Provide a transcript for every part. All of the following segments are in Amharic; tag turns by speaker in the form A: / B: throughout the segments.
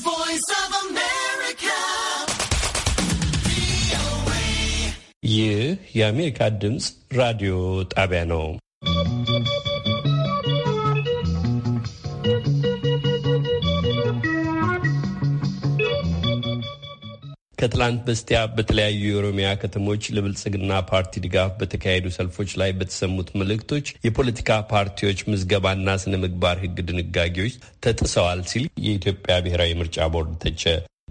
A: voice of America.
B: VOA. Yeah, yeah, America Radio Tabiano. ከትላንት በስቲያ በተለያዩ የኦሮሚያ ከተሞች ለብልጽግና ፓርቲ ድጋፍ በተካሄዱ ሰልፎች ላይ በተሰሙት መልእክቶች የፖለቲካ ፓርቲዎች ምዝገባና ስነ ምግባር ሕግ ድንጋጌዎች ተጥሰዋል ሲል የኢትዮጵያ ብሔራዊ ምርጫ ቦርድ ተቸ።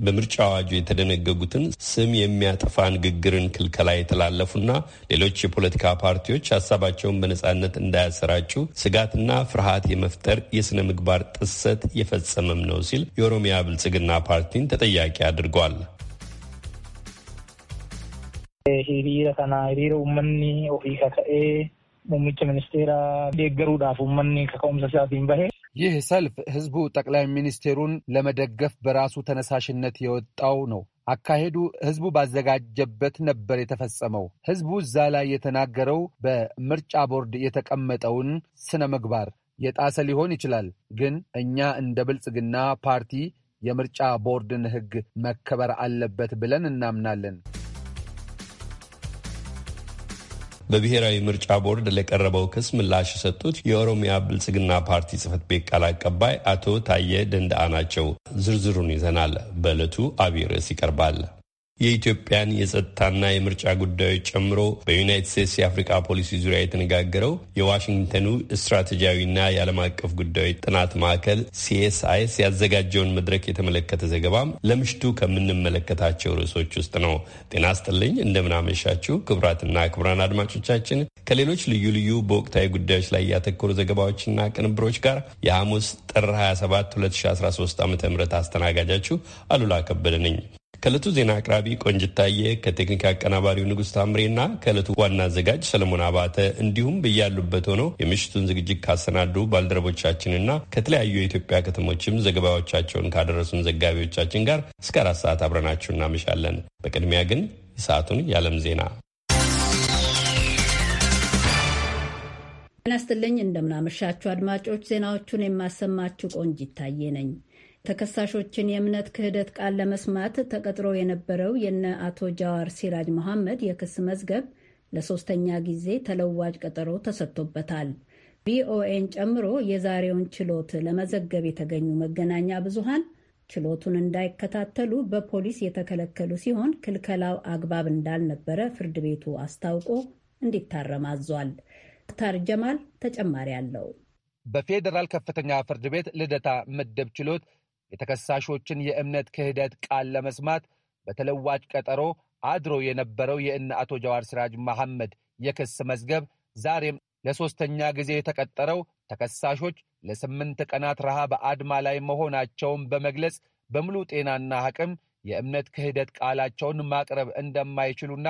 B: በምርጫ አዋጁ የተደነገጉትን ስም የሚያጠፋ ንግግርን ክልከላ የተላለፉና ሌሎች የፖለቲካ ፓርቲዎች ሀሳባቸውን በነጻነት እንዳያሰራጩ ስጋትና ፍርሃት የመፍጠር የሥነ ምግባር ጥሰት የፈጸመም ነው ሲል የኦሮሚያ ብልጽግና ፓርቲን ተጠያቂ አድርጓል።
C: hiriira kanaa hiriira uummanni ofii ka ka'ee muummicha ሚኒስቴራ deeggaruudhaaf uummanni kaka'umsa isaatiin bahe ይህ ሰልፍ ህዝቡ ጠቅላይ ሚኒስቴሩን ለመደገፍ በራሱ ተነሳሽነት የወጣው ነው። አካሄዱ ህዝቡ ባዘጋጀበት ነበር የተፈጸመው። ህዝቡ እዛ ላይ የተናገረው በምርጫ ቦርድ የተቀመጠውን ስነ ምግባር የጣሰ ሊሆን ይችላል። ግን እኛ እንደ ብልጽግና ፓርቲ የምርጫ ቦርድን ህግ መከበር አለበት ብለን እናምናለን።
B: በብሔራዊ ምርጫ ቦርድ ለቀረበው ክስ ምላሽ የሰጡት የኦሮሚያ ብልጽግና ፓርቲ ጽህፈት ቤት ቃል አቀባይ አቶ ታየ ደንዳአ ናቸው። ዝርዝሩን ይዘናል። በዕለቱ አብይ ርዕስ ይቀርባል። የኢትዮጵያን የጸጥታና የምርጫ ጉዳዮች ጨምሮ በዩናይትድ ስቴትስ የአፍሪካ ፖሊሲ ዙሪያ የተነጋገረው የዋሽንግተኑ ስትራቴጂያዊና የዓለም አቀፍ ጉዳዮች ጥናት ማዕከል ሲኤስአይስ ያዘጋጀውን መድረክ የተመለከተ ዘገባም ለምሽቱ ከምንመለከታቸው ርዕሶች ውስጥ ነው። ጤና ይስጥልኝ፣ እንደምናመሻችሁ ክቡራትና ክቡራን አድማጮቻችን ከሌሎች ልዩ ልዩ በወቅታዊ ጉዳዮች ላይ ያተኮሩ ዘገባዎችና ቅንብሮች ጋር የሐሙስ ጥር 27 2013 ዓ ም አስተናጋጃችሁ አሉላ ከበደ ነኝ። ከእለቱ ዜና አቅራቢ ቆንጅታየ፣ ከቴክኒክ አቀናባሪው ታምሬ ታምሬና ከእለቱ ዋና አዘጋጅ ሰለሞን አባተ እንዲሁም በያሉበት ሆነው የምሽቱን ዝግጅት ካሰናዱ ባልደረቦቻችንና ከተለያዩ የኢትዮጵያ ከተሞችም ዘገባዎቻቸውን ካደረሱን ዘጋቢዎቻችን ጋር እስከ አራት ሰዓት አብረናችሁ እናመሻለን። በቅድሚያ ግን የሰዓቱን የዓለም ዜና
D: ጤና ይስጥልኝ። እንደምናመሻችሁ አድማጮች፣ ዜናዎቹን የማሰማችሁ ቆንጅ ይታየ ነኝ። ተከሳሾችን የእምነት ክህደት ቃል ለመስማት ተቀጥሮ የነበረው የነ አቶ ጃዋር ሲራጅ መሐመድ የክስ መዝገብ ለሶስተኛ ጊዜ ተለዋጭ ቀጠሮ ተሰጥቶበታል። ቪኦኤን ጨምሮ የዛሬውን ችሎት ለመዘገብ የተገኙ መገናኛ ብዙሃን ችሎቱን እንዳይከታተሉ በፖሊስ የተከለከሉ ሲሆን ክልከላው አግባብ እንዳልነበረ ፍርድ ቤቱ አስታውቆ እንዲታረም አዟል። ክታር ጀማል ተጨማሪ አለው።
C: በፌዴራል ከፍተኛ ፍርድ ቤት ልደታ ምድብ ችሎት የተከሳሾችን የእምነት ክህደት ቃል ለመስማት በተለዋጭ ቀጠሮ አድሮ የነበረው የእነ አቶ ጀዋር ሲራጅ መሐመድ የክስ መዝገብ ዛሬም ለሦስተኛ ጊዜ የተቀጠረው ተከሳሾች ለስምንት ቀናት ረሃብ አድማ ላይ መሆናቸውን በመግለጽ በሙሉ ጤናና አቅም የእምነት ክህደት ቃላቸውን ማቅረብ እንደማይችሉና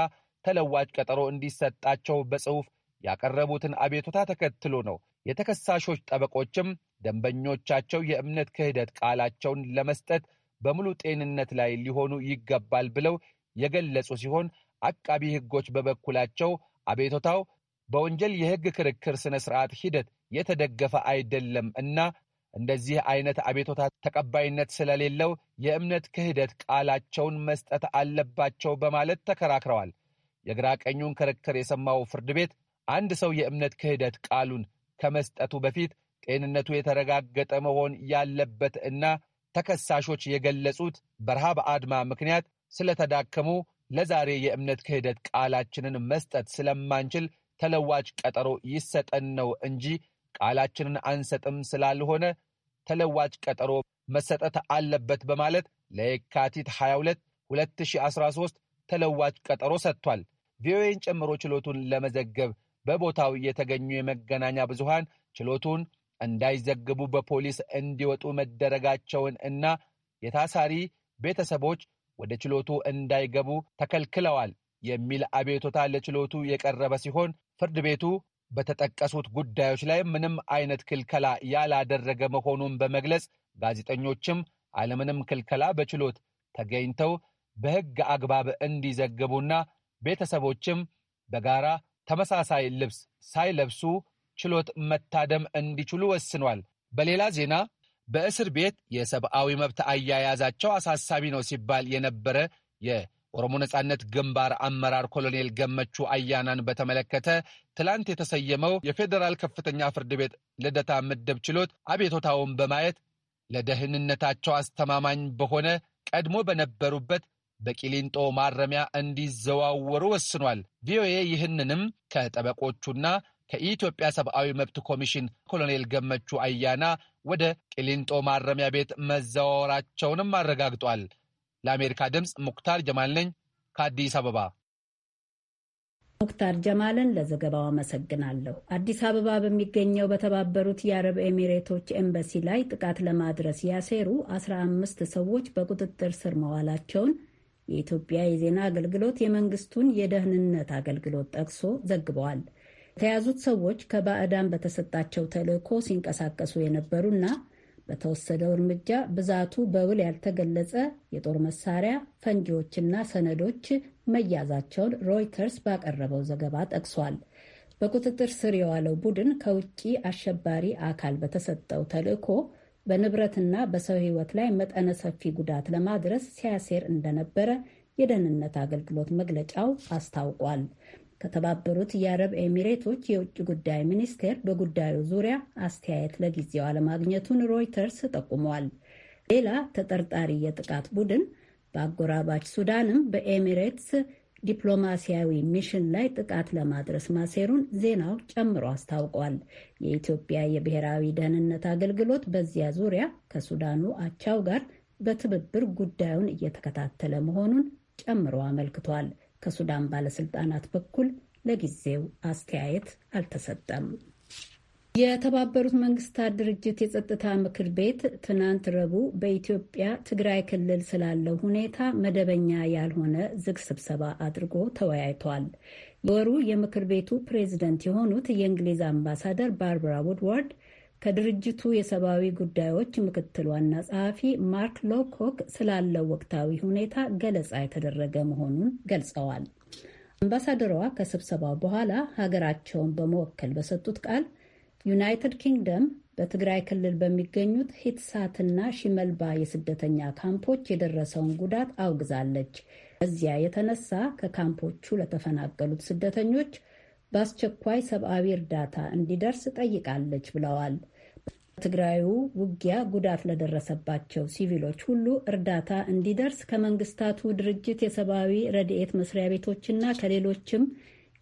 C: ተለዋጭ ቀጠሮ እንዲሰጣቸው በጽሑፍ ያቀረቡትን አቤቱታ ተከትሎ ነው። የተከሳሾች ጠበቆችም ደንበኞቻቸው የእምነት ክህደት ቃላቸውን ለመስጠት በሙሉ ጤንነት ላይ ሊሆኑ ይገባል ብለው የገለጹ ሲሆን አቃቢ ሕጎች በበኩላቸው አቤቶታው በወንጀል የሕግ ክርክር ሥነ ሥርዓት ሂደት የተደገፈ አይደለም እና እንደዚህ አይነት አቤቶታ ተቀባይነት ስለሌለው የእምነት ክህደት ቃላቸውን መስጠት አለባቸው በማለት ተከራክረዋል። የግራ ቀኙን ክርክር የሰማው ፍርድ ቤት አንድ ሰው የእምነት ክህደት ቃሉን ከመስጠቱ በፊት ጤንነቱ የተረጋገጠ መሆን ያለበት እና ተከሳሾች የገለጹት በረሃብ አድማ ምክንያት ስለተዳከሙ ለዛሬ የእምነት ክህደት ቃላችንን መስጠት ስለማንችል ተለዋጭ ቀጠሮ ይሰጠን ነው እንጂ ቃላችንን አንሰጥም ስላልሆነ ተለዋጭ ቀጠሮ መሰጠት አለበት በማለት ለየካቲት 22 2013 ተለዋጭ ቀጠሮ ሰጥቷል። ቪኦኤን ጨምሮ ችሎቱን ለመዘገብ በቦታው የተገኙ የመገናኛ ብዙሃን ችሎቱን እንዳይዘግቡ በፖሊስ እንዲወጡ መደረጋቸውን እና የታሳሪ ቤተሰቦች ወደ ችሎቱ እንዳይገቡ ተከልክለዋል የሚል አቤቶታ ለችሎቱ የቀረበ ሲሆን ፍርድ ቤቱ በተጠቀሱት ጉዳዮች ላይ ምንም አይነት ክልከላ ያላደረገ መሆኑን በመግለጽ ጋዜጠኞችም አለምንም ክልከላ በችሎት ተገኝተው በሕግ አግባብ እንዲዘግቡና ቤተሰቦችም በጋራ ተመሳሳይ ልብስ ሳይለብሱ ችሎት መታደም እንዲችሉ ወስኗል። በሌላ ዜና በእስር ቤት የሰብአዊ መብት አያያዛቸው አሳሳቢ ነው ሲባል የነበረ የኦሮሞ ነጻነት ግንባር አመራር ኮሎኔል ገመቹ አያናን በተመለከተ ትላንት የተሰየመው የፌዴራል ከፍተኛ ፍርድ ቤት ልደታ ምድብ ችሎት አቤቶታውን በማየት ለደህንነታቸው አስተማማኝ በሆነ ቀድሞ በነበሩበት በቂሊንጦ ማረሚያ እንዲዘዋወሩ ወስኗል። ቪኦኤ ይህንንም ከጠበቆቹና ከኢትዮጵያ ሰብአዊ መብት ኮሚሽን ኮሎኔል ገመቹ አያና ወደ ቅሊንጦ ማረሚያ ቤት መዘዋወራቸውንም አረጋግጧል። ለአሜሪካ ድምፅ ሙክታር ጀማል ነኝ ከአዲስ አበባ።
D: ሙክታር ጀማልን ለዘገባው አመሰግናለሁ። አዲስ አበባ በሚገኘው በተባበሩት የአረብ ኤሚሬቶች ኤምባሲ ላይ ጥቃት ለማድረስ ያሴሩ 15 ሰዎች በቁጥጥር ስር መዋላቸውን የኢትዮጵያ የዜና አገልግሎት የመንግስቱን የደህንነት አገልግሎት ጠቅሶ ዘግበዋል። የተያዙት ሰዎች ከባዕዳን በተሰጣቸው ተልዕኮ ሲንቀሳቀሱ የነበሩና በተወሰደው እርምጃ ብዛቱ በውል ያልተገለጸ የጦር መሳሪያ፣ ፈንጂዎችና ሰነዶች መያዛቸውን ሮይተርስ ባቀረበው ዘገባ ጠቅሷል። በቁጥጥር ስር የዋለው ቡድን ከውጭ አሸባሪ አካል በተሰጠው ተልዕኮ በንብረትና በሰው ሕይወት ላይ መጠነ ሰፊ ጉዳት ለማድረስ ሲያሴር እንደነበረ የደህንነት አገልግሎት መግለጫው አስታውቋል። ከተባበሩት የአረብ ኤሚሬቶች የውጭ ጉዳይ ሚኒስቴር በጉዳዩ ዙሪያ አስተያየት ለጊዜው አለማግኘቱን ሮይተርስ ጠቁሟል። ሌላ ተጠርጣሪ የጥቃት ቡድን በአጎራባች ሱዳንም በኤሚሬትስ ዲፕሎማሲያዊ ሚሽን ላይ ጥቃት ለማድረስ ማሴሩን ዜናው ጨምሮ አስታውቋል። የኢትዮጵያ የብሔራዊ ደህንነት አገልግሎት በዚያ ዙሪያ ከሱዳኑ አቻው ጋር በትብብር ጉዳዩን እየተከታተለ መሆኑን ጨምሮ አመልክቷል። ከሱዳን ባለስልጣናት በኩል ለጊዜው አስተያየት አልተሰጠም። የተባበሩት መንግስታት ድርጅት የጸጥታ ምክር ቤት ትናንት ረቡዕ በኢትዮጵያ ትግራይ ክልል ስላለው ሁኔታ መደበኛ ያልሆነ ዝግ ስብሰባ አድርጎ ተወያይቷል። የወሩ የምክር ቤቱ ፕሬዝደንት የሆኑት የእንግሊዝ አምባሳደር ባርባራ ውድዋርድ ከድርጅቱ የሰብአዊ ጉዳዮች ምክትል ዋና ጸሐፊ ማርክ ሎኮክ ስላለው ወቅታዊ ሁኔታ ገለጻ የተደረገ መሆኑን ገልጸዋል። አምባሳደሯ ከስብሰባው በኋላ ሀገራቸውን በመወከል በሰጡት ቃል ዩናይትድ ኪንግደም በትግራይ ክልል በሚገኙት ሂትሳትና ሺመልባ የስደተኛ ካምፖች የደረሰውን ጉዳት አውግዛለች። በዚያ የተነሳ ከካምፖቹ ለተፈናቀሉት ስደተኞች በአስቸኳይ ሰብአዊ እርዳታ እንዲደርስ ጠይቃለች ብለዋል። ትግራዩ ውጊያ ጉዳት ለደረሰባቸው ሲቪሎች ሁሉ እርዳታ እንዲደርስ ከመንግስታቱ ድርጅት የሰብአዊ ረድኤት መስሪያ ቤቶችና ከሌሎችም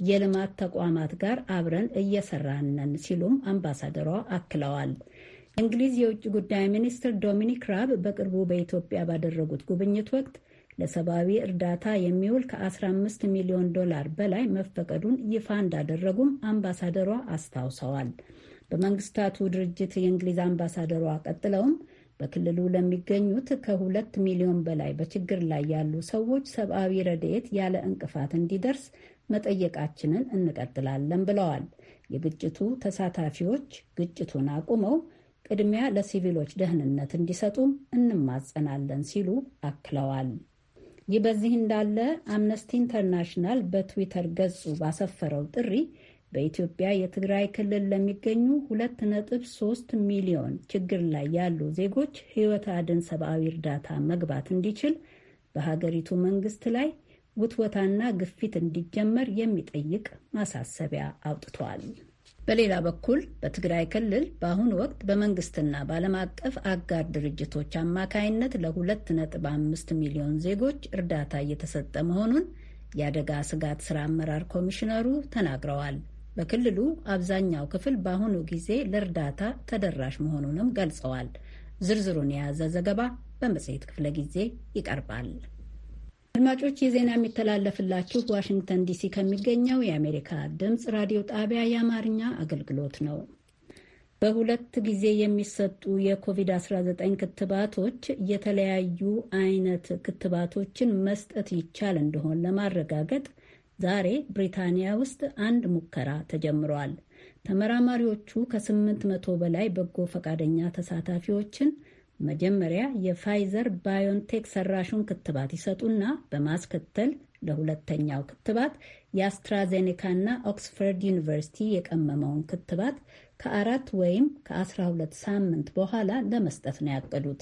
D: የልማት ተቋማት ጋር አብረን እየሰራንን ሲሉም አምባሳደሯ አክለዋል። የእንግሊዝ የውጭ ጉዳይ ሚኒስትር ዶሚኒክ ራብ በቅርቡ በኢትዮጵያ ባደረጉት ጉብኝት ወቅት ለሰብአዊ እርዳታ የሚውል ከ15 ሚሊዮን ዶላር በላይ መፈቀዱን ይፋ እንዳደረጉም አምባሳደሯ አስታውሰዋል። በመንግስታቱ ድርጅት የእንግሊዝ አምባሳደሯ ቀጥለውም በክልሉ ለሚገኙት ከሁለት ሚሊዮን በላይ በችግር ላይ ያሉ ሰዎች ሰብአዊ ረድኤት ያለ እንቅፋት እንዲደርስ መጠየቃችንን እንቀጥላለን ብለዋል። የግጭቱ ተሳታፊዎች ግጭቱን አቁመው ቅድሚያ ለሲቪሎች ደህንነት እንዲሰጡም እንማጸናለን ሲሉ አክለዋል። ይህ በዚህ እንዳለ አምነስቲ ኢንተርናሽናል በትዊተር ገጹ ባሰፈረው ጥሪ በኢትዮጵያ የትግራይ ክልል ለሚገኙ 2.3 ሚሊዮን ችግር ላይ ያሉ ዜጎች ሕይወት አድን ሰብአዊ እርዳታ መግባት እንዲችል በሀገሪቱ መንግስት ላይ ውትወታና ግፊት እንዲጀመር የሚጠይቅ ማሳሰቢያ አውጥቷል። በሌላ በኩል በትግራይ ክልል በአሁኑ ወቅት በመንግስትና በዓለም አቀፍ አጋር ድርጅቶች አማካይነት ለ2.5 ሚሊዮን ዜጎች እርዳታ እየተሰጠ መሆኑን የአደጋ ስጋት ስራ አመራር ኮሚሽነሩ ተናግረዋል። በክልሉ አብዛኛው ክፍል በአሁኑ ጊዜ ለእርዳታ ተደራሽ መሆኑንም ገልጸዋል። ዝርዝሩን የያዘ ዘገባ በመጽሔት ክፍለ ጊዜ ይቀርባል። አድማጮች የዜና የሚተላለፍላችሁ ዋሽንግተን ዲሲ ከሚገኘው የአሜሪካ ድምፅ ራዲዮ ጣቢያ የአማርኛ አገልግሎት ነው። በሁለት ጊዜ የሚሰጡ የኮቪድ-19 ክትባቶች የተለያዩ አይነት ክትባቶችን መስጠት ይቻል እንደሆን ለማረጋገጥ ዛሬ ብሪታንያ ውስጥ አንድ ሙከራ ተጀምሯል። ተመራማሪዎቹ ከ መቶ በላይ በጎ ፈቃደኛ ተሳታፊዎችን መጀመሪያ የፋይዘር ባዮንቴክ ሰራሹን ክትባት ይሰጡና በማስከተል ለሁለተኛው ክትባት የአስትራዜኔካና ኦክስፎርድ ዩኒቨርሲቲ የቀመመውን ክትባት ከአራት ወይም ከ12 ሳምንት በኋላ ለመስጠት ነው ያቀዱት።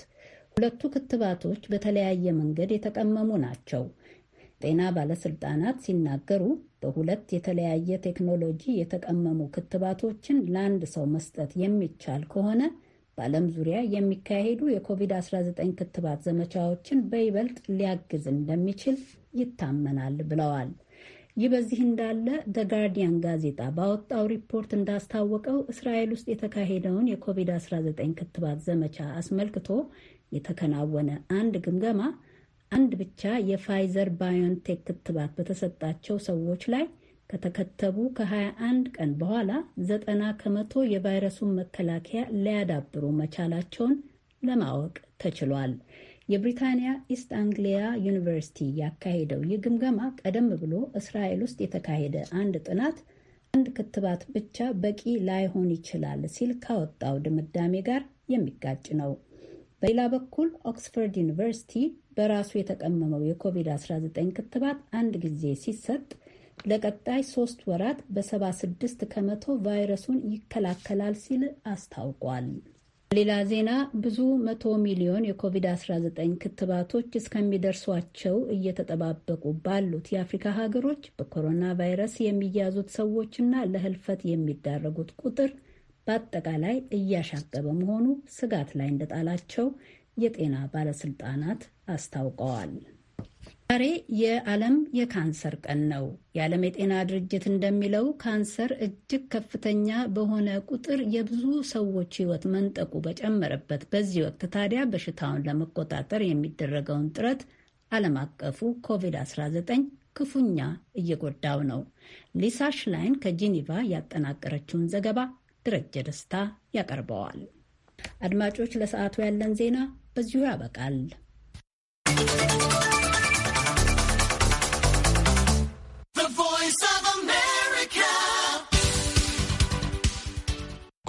D: ሁለቱ ክትባቶች በተለያየ መንገድ የተቀመሙ ናቸው። ጤና ባለስልጣናት ሲናገሩ በሁለት የተለያየ ቴክኖሎጂ የተቀመሙ ክትባቶችን ለአንድ ሰው መስጠት የሚቻል ከሆነ በዓለም ዙሪያ የሚካሄዱ የኮቪድ-19 ክትባት ዘመቻዎችን በይበልጥ ሊያግዝ እንደሚችል ይታመናል ብለዋል። ይህ በዚህ እንዳለ ደ ጋርዲያን ጋዜጣ ባወጣው ሪፖርት እንዳስታወቀው እስራኤል ውስጥ የተካሄደውን የኮቪድ-19 ክትባት ዘመቻ አስመልክቶ የተከናወነ አንድ ግምገማ አንድ ብቻ የፋይዘር ባዮንቴክ ክትባት በተሰጣቸው ሰዎች ላይ ከተከተቡ ከ21 ቀን በኋላ ዘጠና ከመቶ የቫይረሱን መከላከያ ሊያዳብሩ መቻላቸውን ለማወቅ ተችሏል። የብሪታንያ ኢስት አንግሊያ ዩኒቨርሲቲ ያካሄደው ይህ ግምገማ ቀደም ብሎ እስራኤል ውስጥ የተካሄደ አንድ ጥናት አንድ ክትባት ብቻ በቂ ላይሆን ይችላል ሲል ካወጣው ድምዳሜ ጋር የሚጋጭ ነው። በሌላ በኩል ኦክስፎርድ ዩኒቨርሲቲ በራሱ የተቀመመው የኮቪድ-19 ክትባት አንድ ጊዜ ሲሰጥ ለቀጣይ ሶስት ወራት በ76 ከመቶ ቫይረሱን ይከላከላል ሲል አስታውቋል። ሌላ ዜና ብዙ መቶ ሚሊዮን የኮቪድ-19 ክትባቶች እስከሚደርሷቸው እየተጠባበቁ ባሉት የአፍሪካ ሀገሮች በኮሮና ቫይረስ የሚያዙት ሰዎችና ለህልፈት የሚዳረጉት ቁጥር በአጠቃላይ እያሻቀበ መሆኑ ስጋት ላይ እንደጣላቸው የጤና ባለስልጣናት አስታውቀዋል። ዛሬ የዓለም የካንሰር ቀን ነው። የዓለም የጤና ድርጅት እንደሚለው ካንሰር እጅግ ከፍተኛ በሆነ ቁጥር የብዙ ሰዎች ሕይወት መንጠቁ በጨመረበት በዚህ ወቅት ታዲያ በሽታውን ለመቆጣጠር የሚደረገውን ጥረት ዓለም አቀፉ ኮቪድ-19 ክፉኛ እየጎዳው ነው። ሊሳ ሽላይን ከጄኔቫ ያጠናቀረችውን ዘገባ ደረጀ ደስታ ያቀርበዋል። አድማጮች ለሰዓቱ ያለን ዜና በዚሁ ያበቃል።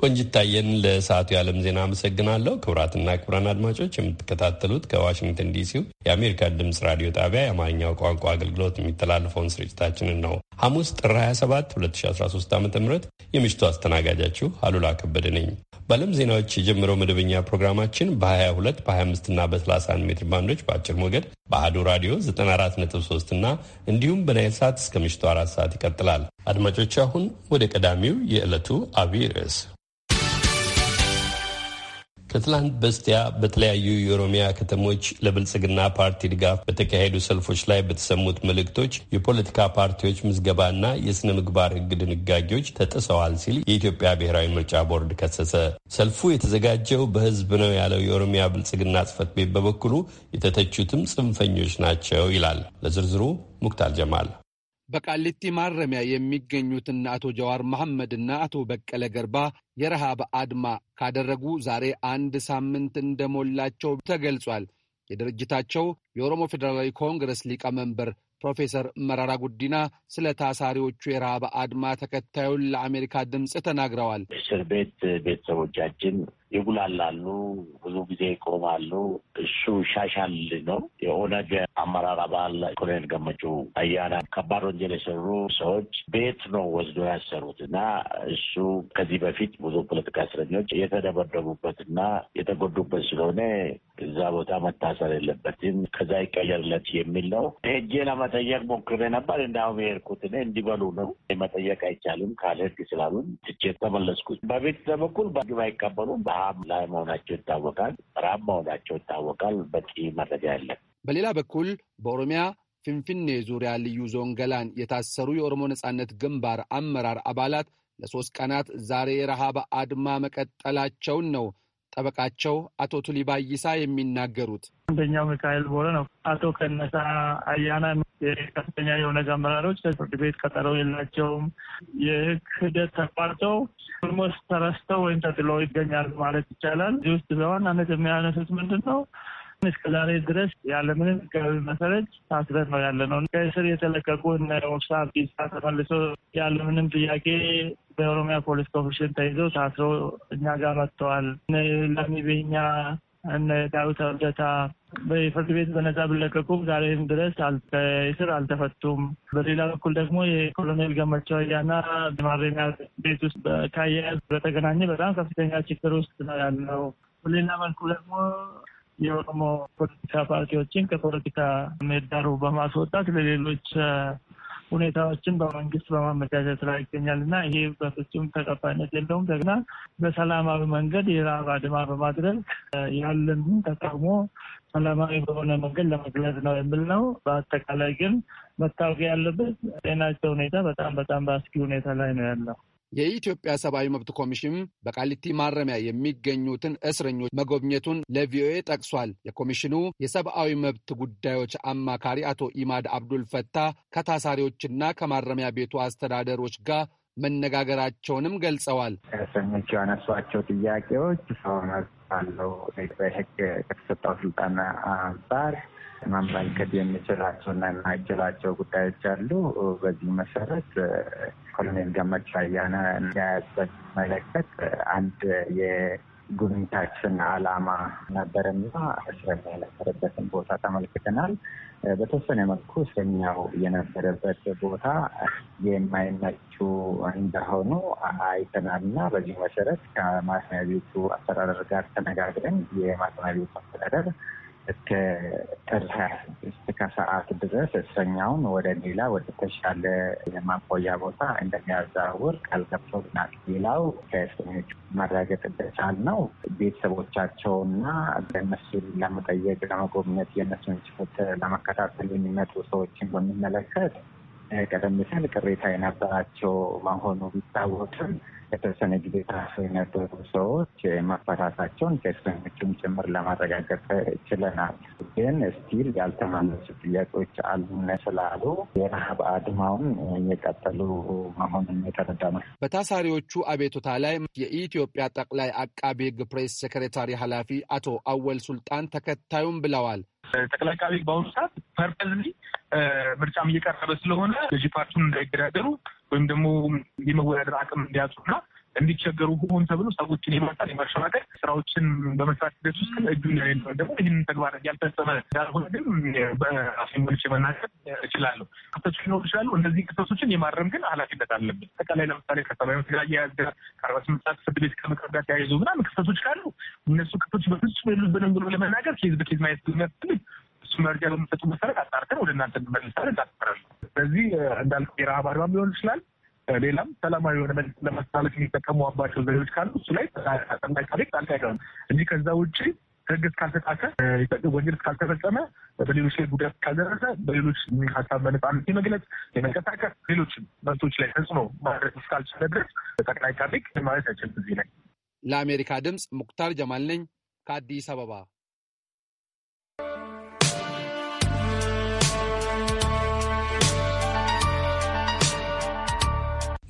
B: ቆንጅታየን ለሰዓቱ የዓለም ዜና አመሰግናለሁ። ክቡራትና ክቡራን አድማጮች የምትከታተሉት ከዋሽንግተን ዲሲው የአሜሪካ ድምፅ ራዲዮ ጣቢያ የአማርኛው ቋንቋ አገልግሎት የሚተላለፈውን ስርጭታችንን ነው። ሐሙስ ጥር 27 2013 ዓ ም የምሽቱ አስተናጋጃችሁ አሉላ ከበደ ነኝ። በዓለም ዜናዎች የጀምረው መደበኛ ፕሮግራማችን በ22 በ25 እና በ31 ሜትር ባንዶች በአጭር ሞገድ በአዶ ራዲዮ 943 እና እንዲሁም በናይል ሰዓት እስከ ምሽቱ አራት ሰዓት ይቀጥላል። አድማጮች አሁን ወደ ቀዳሚው የዕለቱ አብይ ርዕስ ከትላንት በስቲያ በተለያዩ የኦሮሚያ ከተሞች ለብልጽግና ፓርቲ ድጋፍ በተካሄዱ ሰልፎች ላይ በተሰሙት መልእክቶች የፖለቲካ ፓርቲዎች ምዝገባና የሥነ ምግባር ሕግ ድንጋጌዎች ተጥሰዋል ሲል የኢትዮጵያ ብሔራዊ ምርጫ ቦርድ ከሰሰ። ሰልፉ የተዘጋጀው በሕዝብ ነው ያለው የኦሮሚያ ብልጽግና ጽሕፈት ቤት በበኩሉ የተተቹትም ጽንፈኞች ናቸው ይላል። ለዝርዝሩ ሙክታር ጀማል
C: በቃሊቲ ማረሚያ የሚገኙትን አቶ ጀዋር መሐመድና አቶ በቀለ ገርባ የረሃብ አድማ ካደረጉ ዛሬ አንድ ሳምንት እንደሞላቸው ተገልጿል። የድርጅታቸው የኦሮሞ ፌዴራላዊ ኮንግረስ ሊቀመንበር ፕሮፌሰር መራራ ጉዲና ስለ ታሳሪዎቹ የረሃብ አድማ ተከታዩን ለአሜሪካ ድምፅ ተናግረዋል። እስር ቤት
E: ቤተሰቦቻችን ይጉላላሉ፣ ብዙ ጊዜ ይቆማሉ። እሱ ሻሻል ነው። የኦነግ አመራር አባል ኮሎኔል ገመቹ አያና ከባድ ወንጀል የሰሩ ሰዎች ቤት ነው ወስዶ ያሰሩት እና እሱ ከዚህ በፊት ብዙ ፖለቲካ እስረኞች የተደበደቡበት እና የተጎዱበት ስለሆነ እዛ ቦታ መታሰር የለበትም፣ ከዛ ይቀየርለት የሚል ነው። ሄጄ ለመጠየቅ ሞክሬ ነበር። እንዳሁም የሄድኩት እኔ እንዲበሉ ነው መጠየቅ አይቻልም ካልሄድክ ስላሉን ትቼ ተመለስኩት። በቤተሰብ በኩል በግብ አይቀበሉም ረሃብ ላይ መሆናቸው ይታወቃል። ረሃብ መሆናቸው ይታወቃል። በቂ መረጃ የለም።
C: በሌላ በኩል በኦሮሚያ ፊንፊኔ ዙሪያ ልዩ ዞን ገላን የታሰሩ የኦሮሞ ነጻነት ግንባር አመራር አባላት ለሶስት ቀናት ዛሬ የረሃብ አድማ መቀጠላቸውን ነው ጠበቃቸው አቶ ቱሊባ ይሳ የሚናገሩት
F: አንደኛው ሚካኤል ቦረ ነው። አቶ ከነሳ አያና የከፍተኛ የሆነ አመራሮች ለፍርድ ቤት ቀጠረው የላቸውም። የህግ ሂደት ተቋርጠው ኦልሞስት ተረስተው ወይም ተጥሎ ይገኛሉ ማለት ይቻላል። እዚህ ውስጥ በዋናነት የሚያነሱት ምንድን ነው? እስከ ዛሬ ድረስ ያለምንም ሕጋዊ መሰረት ታስረን ነው ያለ ነው። ከእስር የተለቀቁ እነ ኦብሳ ቢሳ ተመልሶ ያለምንም ጥያቄ በኦሮሚያ ፖሊስ ኮሚሽን ተይዘው ታስሮ እኛ ጋር መጥተዋል። ላሚቤኛ እነ ዳዊት አብደታ በፍርድ ቤት በነጻ ቢለቀቁም ዛሬም ድረስ እስር አልተፈቱም። በሌላ በኩል ደግሞ የኮሎኔል ገመቸው ወያና ማረሚያ ቤት ውስጥ ከአያያዝ በተገናኘ በጣም ከፍተኛ ችግር ውስጥ ነው ያለው። በሌላ መልኩ ደግሞ የኦሮሞ ፖለቲካ ፓርቲዎችን ከፖለቲካ ምህዳሩ በማስወጣት ለሌሎች ሁኔታዎችን በመንግስት በማመቻቸት ላይ ይገኛል እና ይሄ በፍጹም ተቀባይነት የለውም። ደግና በሰላማዊ መንገድ የራብ አድማ በማድረግ ያለንን ተቃውሞ ሰላማዊ በሆነ መንገድ ለመግለጽ ነው የሚል ነው። በአጠቃላይ ግን መታወቂያ ያለበት ጤናቸው ሁኔታ በጣም በጣም በአስጊ ሁኔታ ላይ ነው ያለው።
C: የኢትዮጵያ ሰብአዊ መብት ኮሚሽን በቃሊቲ ማረሚያ የሚገኙትን እስረኞች መጎብኘቱን ለቪኦኤ ጠቅሷል። የኮሚሽኑ የሰብአዊ መብት ጉዳዮች አማካሪ አቶ ኢማድ አብዱል ፈታ ከታሳሪዎችና ከማረሚያ ቤቱ አስተዳደሮች ጋር መነጋገራቸውንም ገልጸዋል። እስረኞቹ
E: ያነሷቸው ጥያቄዎች ሰው መብት ባለው በሕግ ከተሰጠው ስልጣን አንጻር ማመልከት የሚችላቸውና የማይችላቸው ጉዳዮች አሉ። በዚህ መሰረት ኮሎኔል ገመች አያና እንዳያዝበት መለከት አንድ የጉብኝታችን አላማ ነበረና እስረኛ የነበረበትን ቦታ ተመልክተናል። በተወሰነ መልኩ እስረኛው የነበረበት ቦታ የማይመቹ እንደሆኑ አይተናል እና በዚህ መሰረት ከማረሚያ ቤቱ አስተዳደር ጋር ተነጋግረን የማረሚያ ቤቱ አስተዳደር እስከ ጥር ሀያ ስድስት ከሰዓት ድረስ እስረኛውን ወደ ሌላ ወደ ተሻለ የማቆያ ቦታ እንደሚያዛውር ቃል ገብቶልናል። ሌላው ከእስረኞቹ ማረጋገጥ እንደቻልነው ቤተሰቦቻቸውና እነሱን ለመጠየቅ ለመጎብኘት፣ የእነሱን ችሎት ለመከታተል የሚመጡ ሰዎችን በሚመለከት ቀደም ሲል ቅሬታ የነበራቸው መሆኑ ቢታወቅም ከተወሰነ ጊዜ ታስሮ የነበሩ ሰዎች መፈታታቸውን ከእስረኞቹም ጭምር ለማረጋገጥ ችለናል። ግን ስቲል ያልተመለሱ ጥያቄዎች አሉነ ስላሉ የረሀብ አድማውን እየቀጠሉ መሆኑን የተረዳ ነው።
C: በታሳሪዎቹ አቤቱታ ላይ የኢትዮጵያ ጠቅላይ አቃቤ ሕግ ፕሬስ ሴክሬታሪ ኃላፊ አቶ አወል ሱልጣን ተከታዩም ብለዋል።
G: ጠቅላይ አቃቤ ሕግ በአሁኑ ሰዓት ፐርፐዝሊ ምርጫም እየቀረበ ስለሆነ ገዢ ፓርቲውን እንዳይገዳደሩ ወይም ደግሞ የመወዳደር አቅም እንዲያጡና እንዲቸገሩ ሆን ተብሎ ሰዎችን የማንሳት የማሸማቀቅ ስራዎችን በመስራት ሂደት ውስጥ እጁ ደግሞ ይህን ተግባር ያልፈጸመ ያልሆነ ግን በራሴ ሞልቼ መናገር እችላለሁ። ክፍተቶች ሊኖሩ ይችላሉ። እነዚህ ክፍተቶችን የማረም ግን ኃላፊነት አለብን። አጠቃላይ ለምሳሌ ከሰብዓዊ ተለያየ ጋር እያያዘ ከአርባ ስምንት ሰዓት ፍርድ ቤት ከመቅረብ ጋር ተያይዞ ምናምን ክፍተቶች ካሉ እነሱ ክፍተቶች በፍጹም የሉብንም ብሎ ለመናገር ኬዝ በኬዝ ማየት ስለሚያስፈልግ እሱ መረጃ በምሰጡ መሰረት አጣርተን ወደ እናንተ መልሳለን። ታስፈራል። በዚህ እንዳልኩ የረሃብ አድማ ሊሆን ይችላል ሌላም ሰላማዊ የሆነ መልዕክት ለማስተላለፍ የሚጠቀሙባቸው ዘዴዎች ካሉ እሱ ላይ ጠቅላይ ታሪክ ጣልቃ አይገባም እንጂ ከዛ ውጭ ህግ እስካልተጣሰ ወንጀል እስካልተፈጸመ በሌሎች ላይ ጉዳት እስካልደረሰ በሌሎች ሀሳብ በነጻነት የመግለጽ የመንቀሳቀስ፣ ሌሎችም መብቶች ላይ ተጽዕኖ ማድረግ እስካልቻለ ድረስ ጠቅላይ ታሪክ ማለት አይችልም። እዚህ ላይ
C: ለአሜሪካ ድምፅ ሙክታር ጀማል ነኝ ከአዲስ አበባ።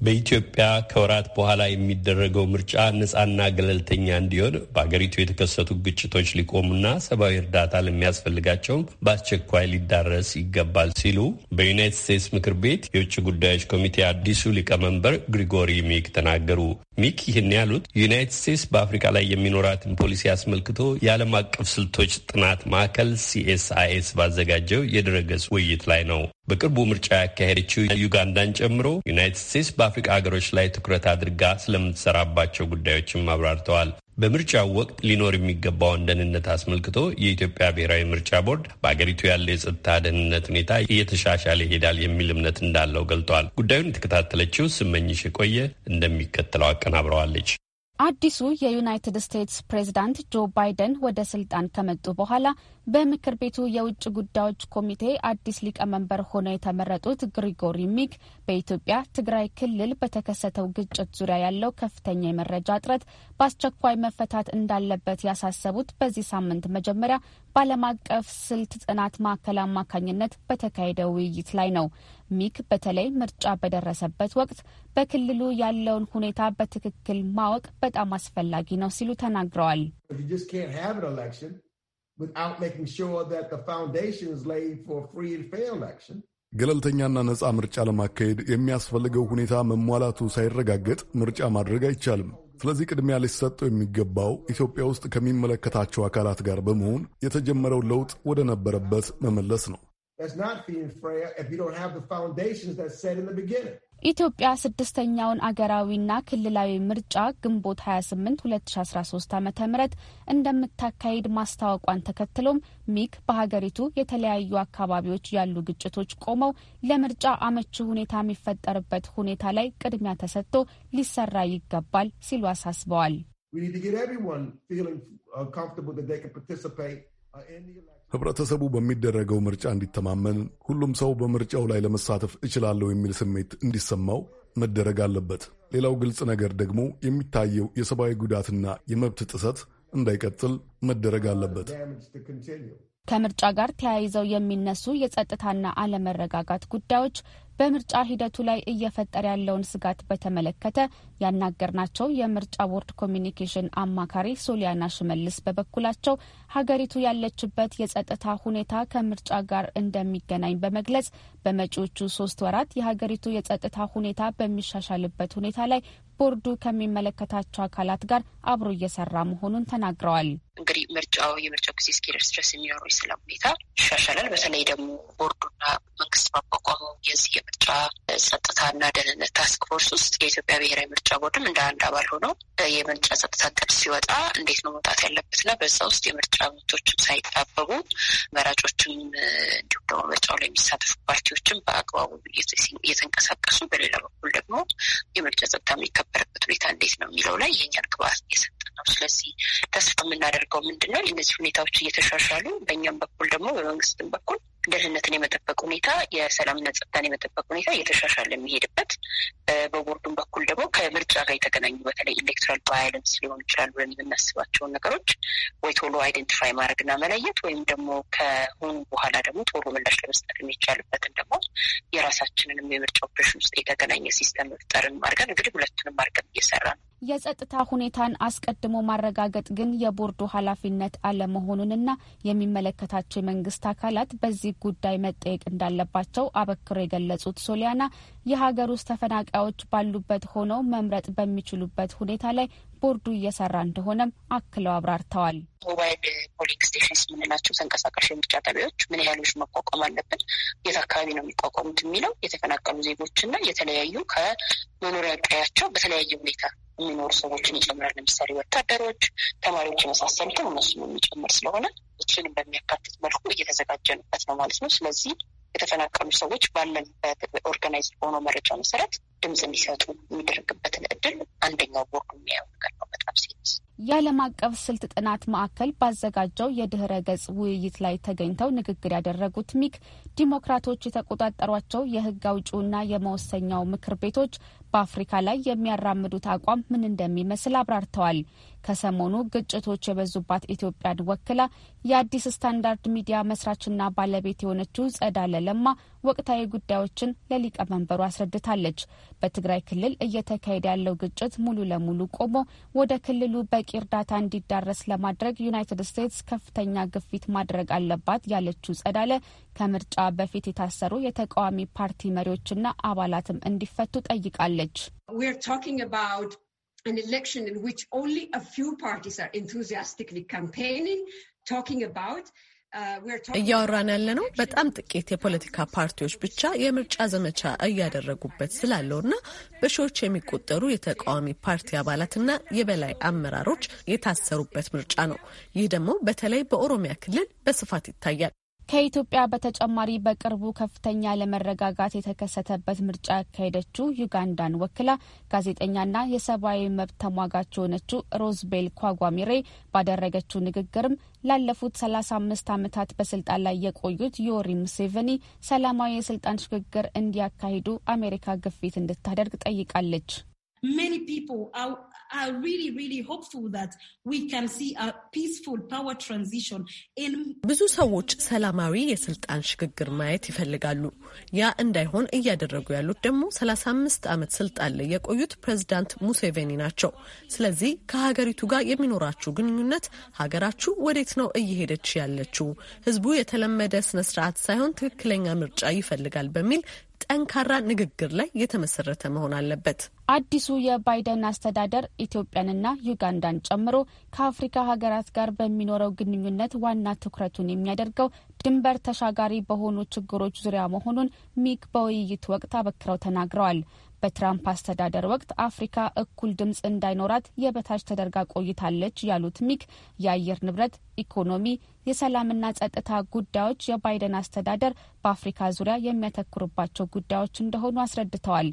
B: በኢትዮጵያ ከወራት በኋላ የሚደረገው ምርጫ ነፃና ገለልተኛ እንዲሆን በሀገሪቱ የተከሰቱ ግጭቶች ሊቆሙና ሰብአዊ እርዳታ ለሚያስፈልጋቸውም በአስቸኳይ ሊዳረስ ይገባል ሲሉ በዩናይትድ ስቴትስ ምክር ቤት የውጭ ጉዳዮች ኮሚቴ አዲሱ ሊቀመንበር ግሪጎሪ ሚክ ተናገሩ። ሚክ ይህን ያሉት ዩናይትድ ስቴትስ በአፍሪካ ላይ የሚኖራትን ፖሊሲ አስመልክቶ የዓለም አቀፍ ስልቶች ጥናት ማዕከል ሲኤስአይኤስ ባዘጋጀው የድረገጽ ውይይት ላይ ነው። በቅርቡ ምርጫ ያካሄደችው ዩጋንዳን ጨምሮ ዩናይትድ ስቴትስ በአፍሪካ ሀገሮች ላይ ትኩረት አድርጋ ስለምትሰራባቸው ጉዳዮችም አብራርተዋል። በምርጫው ወቅት ሊኖር የሚገባውን ደህንነት አስመልክቶ የኢትዮጵያ ብሔራዊ ምርጫ ቦርድ በአገሪቱ ያለው የጸጥታ ደህንነት ሁኔታ እየተሻሻለ ይሄዳል የሚል እምነት እንዳለው ገልጧል። ጉዳዩን የተከታተለችው ስመኝሽ የቆየ እንደሚከተለው አቀናብረዋለች።
H: አዲሱ የዩናይትድ ስቴትስ ፕሬዝዳንት ጆ ባይደን ወደ ስልጣን ከመጡ በኋላ በምክር ቤቱ የውጭ ጉዳዮች ኮሚቴ አዲስ ሊቀመንበር ሆነው የተመረጡት ግሪጎሪ ሚክ በኢትዮጵያ ትግራይ ክልል በተከሰተው ግጭት ዙሪያ ያለው ከፍተኛ የመረጃ እጥረት በአስቸኳይ መፈታት እንዳለበት ያሳሰቡት በዚህ ሳምንት መጀመሪያ በዓለም አቀፍ ስልት ጥናት ማዕከል አማካኝነት በተካሄደ ውይይት ላይ ነው። ሚክ በተለይ ምርጫ በደረሰበት ወቅት በክልሉ ያለውን ሁኔታ በትክክል ማወቅ በጣም አስፈላጊ ነው ሲሉ ተናግረዋል።
I: without making sure
J: that the foundation is laid for a free and fair election,
K: ገለልተኛና ነፃ ምርጫ ለማካሄድ የሚያስፈልገው ሁኔታ መሟላቱ ሳይረጋገጥ ምርጫ ማድረግ አይቻልም። ስለዚህ ቅድሚያ ሊሰጠው የሚገባው ኢትዮጵያ ውስጥ ከሚመለከታቸው አካላት ጋር በመሆን የተጀመረው ለውጥ ወደ ነበረበት መመለስ ነው።
H: ኢትዮጵያ ስድስተኛውን አገራዊና ክልላዊ ምርጫ ግንቦት 28 2013 ዓ ም እንደምታካሂድ ማስታወቋን ተከትሎም ሚክ በሀገሪቱ የተለያዩ አካባቢዎች ያሉ ግጭቶች ቆመው ለምርጫ አመቺ ሁኔታ የሚፈጠርበት ሁኔታ ላይ ቅድሚያ ተሰጥቶ ሊሰራ ይገባል ሲሉ አሳስበዋል።
K: ህብረተሰቡ በሚደረገው ምርጫ እንዲተማመን፣ ሁሉም ሰው በምርጫው ላይ ለመሳተፍ እችላለሁ የሚል ስሜት እንዲሰማው መደረግ አለበት። ሌላው ግልጽ ነገር ደግሞ የሚታየው የሰብአዊ ጉዳትና የመብት ጥሰት እንዳይቀጥል መደረግ አለበት።
H: ከምርጫ ጋር ተያይዘው የሚነሱ የጸጥታና አለመረጋጋት ጉዳዮች በምርጫ ሂደቱ ላይ እየፈጠረ ያለውን ስጋት በተመለከተ ያናገርናቸው የምርጫ ቦርድ ኮሚኒኬሽን አማካሪ ሶሊያና ሽመልስ በበኩላቸው ሀገሪቱ ያለችበት የጸጥታ ሁኔታ ከምርጫ ጋር እንደሚገናኝ በመግለጽ በመጪዎቹ ሶስት ወራት የሀገሪቱ የጸጥታ ሁኔታ በሚሻሻልበት ሁኔታ ላይ ቦርዱ ከሚመለከታቸው አካላት ጋር አብሮ እየሰራ መሆኑን ተናግረዋል።
L: እንግዲህ ምርጫው የምርጫው ጊዜ እስኪደርስ ድረስ የሚኖሩ የሰላም ሁኔታ ይሻሻላል። በተለይ ደግሞ ቦርዱና መንግስት ባቋቋመው የዚህ የምርጫ ጸጥታና ደህንነት ታስክ ፎርስ ውስጥ የኢትዮጵያ ብሔራዊ ምርጫ ቦርድም እንደ አንድ አባል ሆኖ የምርጫ ጸጥታ እቅድ ሲወጣ እንዴት ነው መውጣት ያለበትና በዛ ውስጥ የምርጫ መብቶችም ሳይጣበቡ መራጮችም እንዲሁም ደግሞ ምርጫው ላይ የሚሳተፉ ፓርቲዎችም በአግባቡ እየተንቀሳቀሱ፣ በሌላ በኩል ደግሞ የምርጫ ጸጥታ የሚከበርበት ሁኔታ እንዴት ነው የሚለው ላይ የእኛን ግብአት እየሰጠ ነው። ስለዚህ ተስፋ የምናደርገው ምንድን ነው እነዚህ ሁኔታዎች እየተሻሻሉ በእኛም በኩል ደግሞ በመንግስትም በኩል ደህንነትን የመጠበቅ ሁኔታ የሰላምና ጸጥታን የመጠበቅ ሁኔታ እየተሻሻለ የሚሄድበት በቦርዱም በኩል ደግሞ ከምርጫ ጋር የተገናኙ በተለይ ኤሌክትራል ቫይለንስ ሊሆን ይችላል ብለን የምናስባቸውን ነገሮች ወይ ቶሎ አይደንቲፋይ ማድረግና መለየት ወይም ደግሞ ከሆኑ በኋላ ደግሞ ቶሎ ምላሽ ለመስጠት የሚቻልበትን ደግሞ የራሳችንንም የምርጫ ኦፕሬሽን ውስጥ የተገናኘ ሲስተም መፍጠርን አድርገን እንግዲህ ሁለቱንም አድርገን እየሰራ ነው
H: የጸጥታ ሁኔታን አስቀድሞ ማረጋገጥ ግን የቦርዱ ኃላፊነት አለመሆኑንና የሚመለከታቸው የመንግስት አካላት በዚህ ጉዳይ መጠየቅ እንዳለባቸው አበክሮ የገለጹት ሶሊያና የሀገር ውስጥ ተፈናቃዮች ባሉበት ሆነው መምረጥ በሚችሉበት ሁኔታ ላይ ቦርዱ እየሰራ እንደሆነም አክለው አብራርተዋል። ሞባይል
L: ፖሊንግ ስቴሽንስ የምንላቸው ተንቀሳቃሽ የምርጫ ጣቢያዎች ምን ያህሎች መቋቋም አለብን፣ የት አካባቢ ነው የሚቋቋሙት የሚለው የተፈናቀሉ ዜጎችና የተለያዩ ከመኖሪያ ቀያቸው በተለያየ ሁኔታ የሚኖሩ ሰዎችን ይጨምራል። ለምሳሌ ወታደሮች፣ ተማሪዎች የመሳሰሉትን እነሱ የሚጨምር ስለሆነ እችን በሚያካትት መልኩ እየተዘጋጀንበት ነው ማለት ነው። ስለዚህ የተፈናቀሉ ሰዎች ባለንበት ኦርጋናይዝ በሆነው መረጃ መሰረት ድምፅ እንዲሰጡ የሚደረግበትን እድል አንደኛው ቦርዱ የሚያየው ነገር ነው። አቀፍ
H: የዓለም አቀፍ ስልት ጥናት ማዕከል ባዘጋጀው የድህረ ገጽ ውይይት ላይ ተገኝተው ንግግር ያደረጉት ሚክ ዲሞክራቶች የተቆጣጠሯቸው የህግ አውጪውና የመወሰኛው ምክር ቤቶች በአፍሪካ ላይ የሚያራምዱት አቋም ምን እንደሚመስል አብራርተዋል። ከሰሞኑ ግጭቶች የበዙባት ኢትዮጵያን ወክላ የአዲስ ስታንዳርድ ሚዲያ መስራችና ባለቤት የሆነችው ጸዳለ ለማ ወቅታዊ ጉዳዮችን ለሊቀመንበሩ አስረድታለች። በትግራይ ክልል እየተካሄደ ያለው ግጭት ሙሉ ለሙሉ ቆሞ ወደ ክልሉ በቂ እርዳታ እንዲዳረስ ለማድረግ ዩናይትድ ስቴትስ ከፍተኛ ግፊት ማድረግ አለባት ያለችው ጸዳለ ከምርጫ በፊት የታሰሩ የተቃዋሚ ፓርቲ መሪዎችና አባላትም እንዲፈቱ ጠይቃለች።
L: an election in which only a few parties are enthusiastically campaigning, talking about uh,
D: እያወራን ያለ ነው በጣም ጥቂት የፖለቲካ ፓርቲዎች ብቻ የምርጫ ዘመቻ እያደረጉበት ስላለውና በሺዎች የሚቆጠሩ የተቃዋሚ ፓርቲ አባላትና የበላይ አመራሮች የታሰሩበት ምርጫ ነው። ይህ ደግሞ በተለይ በኦሮሚያ ክልል በስፋት ይታያል።
H: ከኢትዮጵያ በተጨማሪ በቅርቡ ከፍተኛ ለመረጋጋት የተከሰተበት ምርጫ ያካሄደችው ዩጋንዳን ወክላ ጋዜጠኛና የሰብአዊ መብት ተሟጋች የሆነችው ሮዝቤል ኳጓሚሬ ባደረገችው ንግግርም ላለፉት ሰላሳ አምስት ዓመታት በስልጣን ላይ የቆዩት ዮሪ ሙሴቨኒ ሰላማዊ የስልጣን ሽግግር እንዲያካሂዱ አሜሪካ ግፊት እንድታደርግ ጠይቃለች።
D: are really, really hopeful that we can see a peaceful power transition in ብዙ ሰዎች ሰላማዊ የስልጣን ሽግግር ማየት ይፈልጋሉ። ያ እንዳይሆን እያደረጉ ያሉት ደግሞ 35 ዓመት ስልጣን ላይ የቆዩት ፕሬዚዳንት ሙሴቬኒ ናቸው። ስለዚህ ከሀገሪቱ ጋር የሚኖራችሁ ግንኙነት ሀገራችሁ ወዴት ነው እየሄደች ያለችው፣ ህዝቡ የተለመደ ስነስርዓት ሳይሆን ትክክለኛ ምርጫ ይፈልጋል በሚል ጠንካራ ንግግር ላይ የተመሰረተ መሆን አለበት።
H: አዲሱ የባይደን አስተዳደር ኢትዮጵያንና ዩጋንዳን ጨምሮ ከአፍሪካ ሀገራት ጋር በሚኖረው ግንኙነት ዋና ትኩረቱን የሚያደርገው ድንበር ተሻጋሪ በሆኑ ችግሮች ዙሪያ መሆኑን ሚክ በውይይት ወቅት አበክረው ተናግረዋል። በትራምፕ አስተዳደር ወቅት አፍሪካ እኩል ድምፅ እንዳይኖራት የበታች ተደርጋ ቆይታለች ያሉት ሚክ የአየር ንብረት፣ ኢኮኖሚ፣ የሰላምና ጸጥታ ጉዳዮች የባይደን አስተዳደር በአፍሪካ ዙሪያ የሚያተኩርባቸው ጉዳዮች እንደሆኑ አስረድተዋል።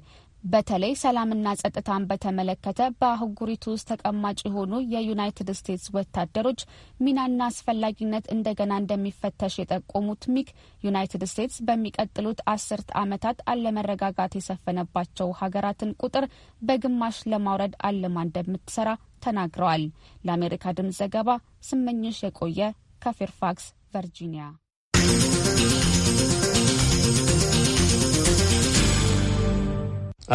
H: በተለይ ሰላምና ጸጥታን በተመለከተ በአህጉሪቱ ውስጥ ተቀማጭ የሆኑ የዩናይትድ ስቴትስ ወታደሮች ሚናና አስፈላጊነት እንደገና እንደሚፈተሽ የጠቆሙት ሚክ ዩናይትድ ስቴትስ በሚቀጥሉት አስርት ዓመታት አለመረጋጋት የሰፈነባቸው ሀገራትን ቁጥር በግማሽ ለማውረድ አልማ እንደምትሰራ ተናግረዋል። ለአሜሪካ ድምጽ ዘገባ ስመኝሽ የቆየ ከፌርፋክስ ቨርጂኒያ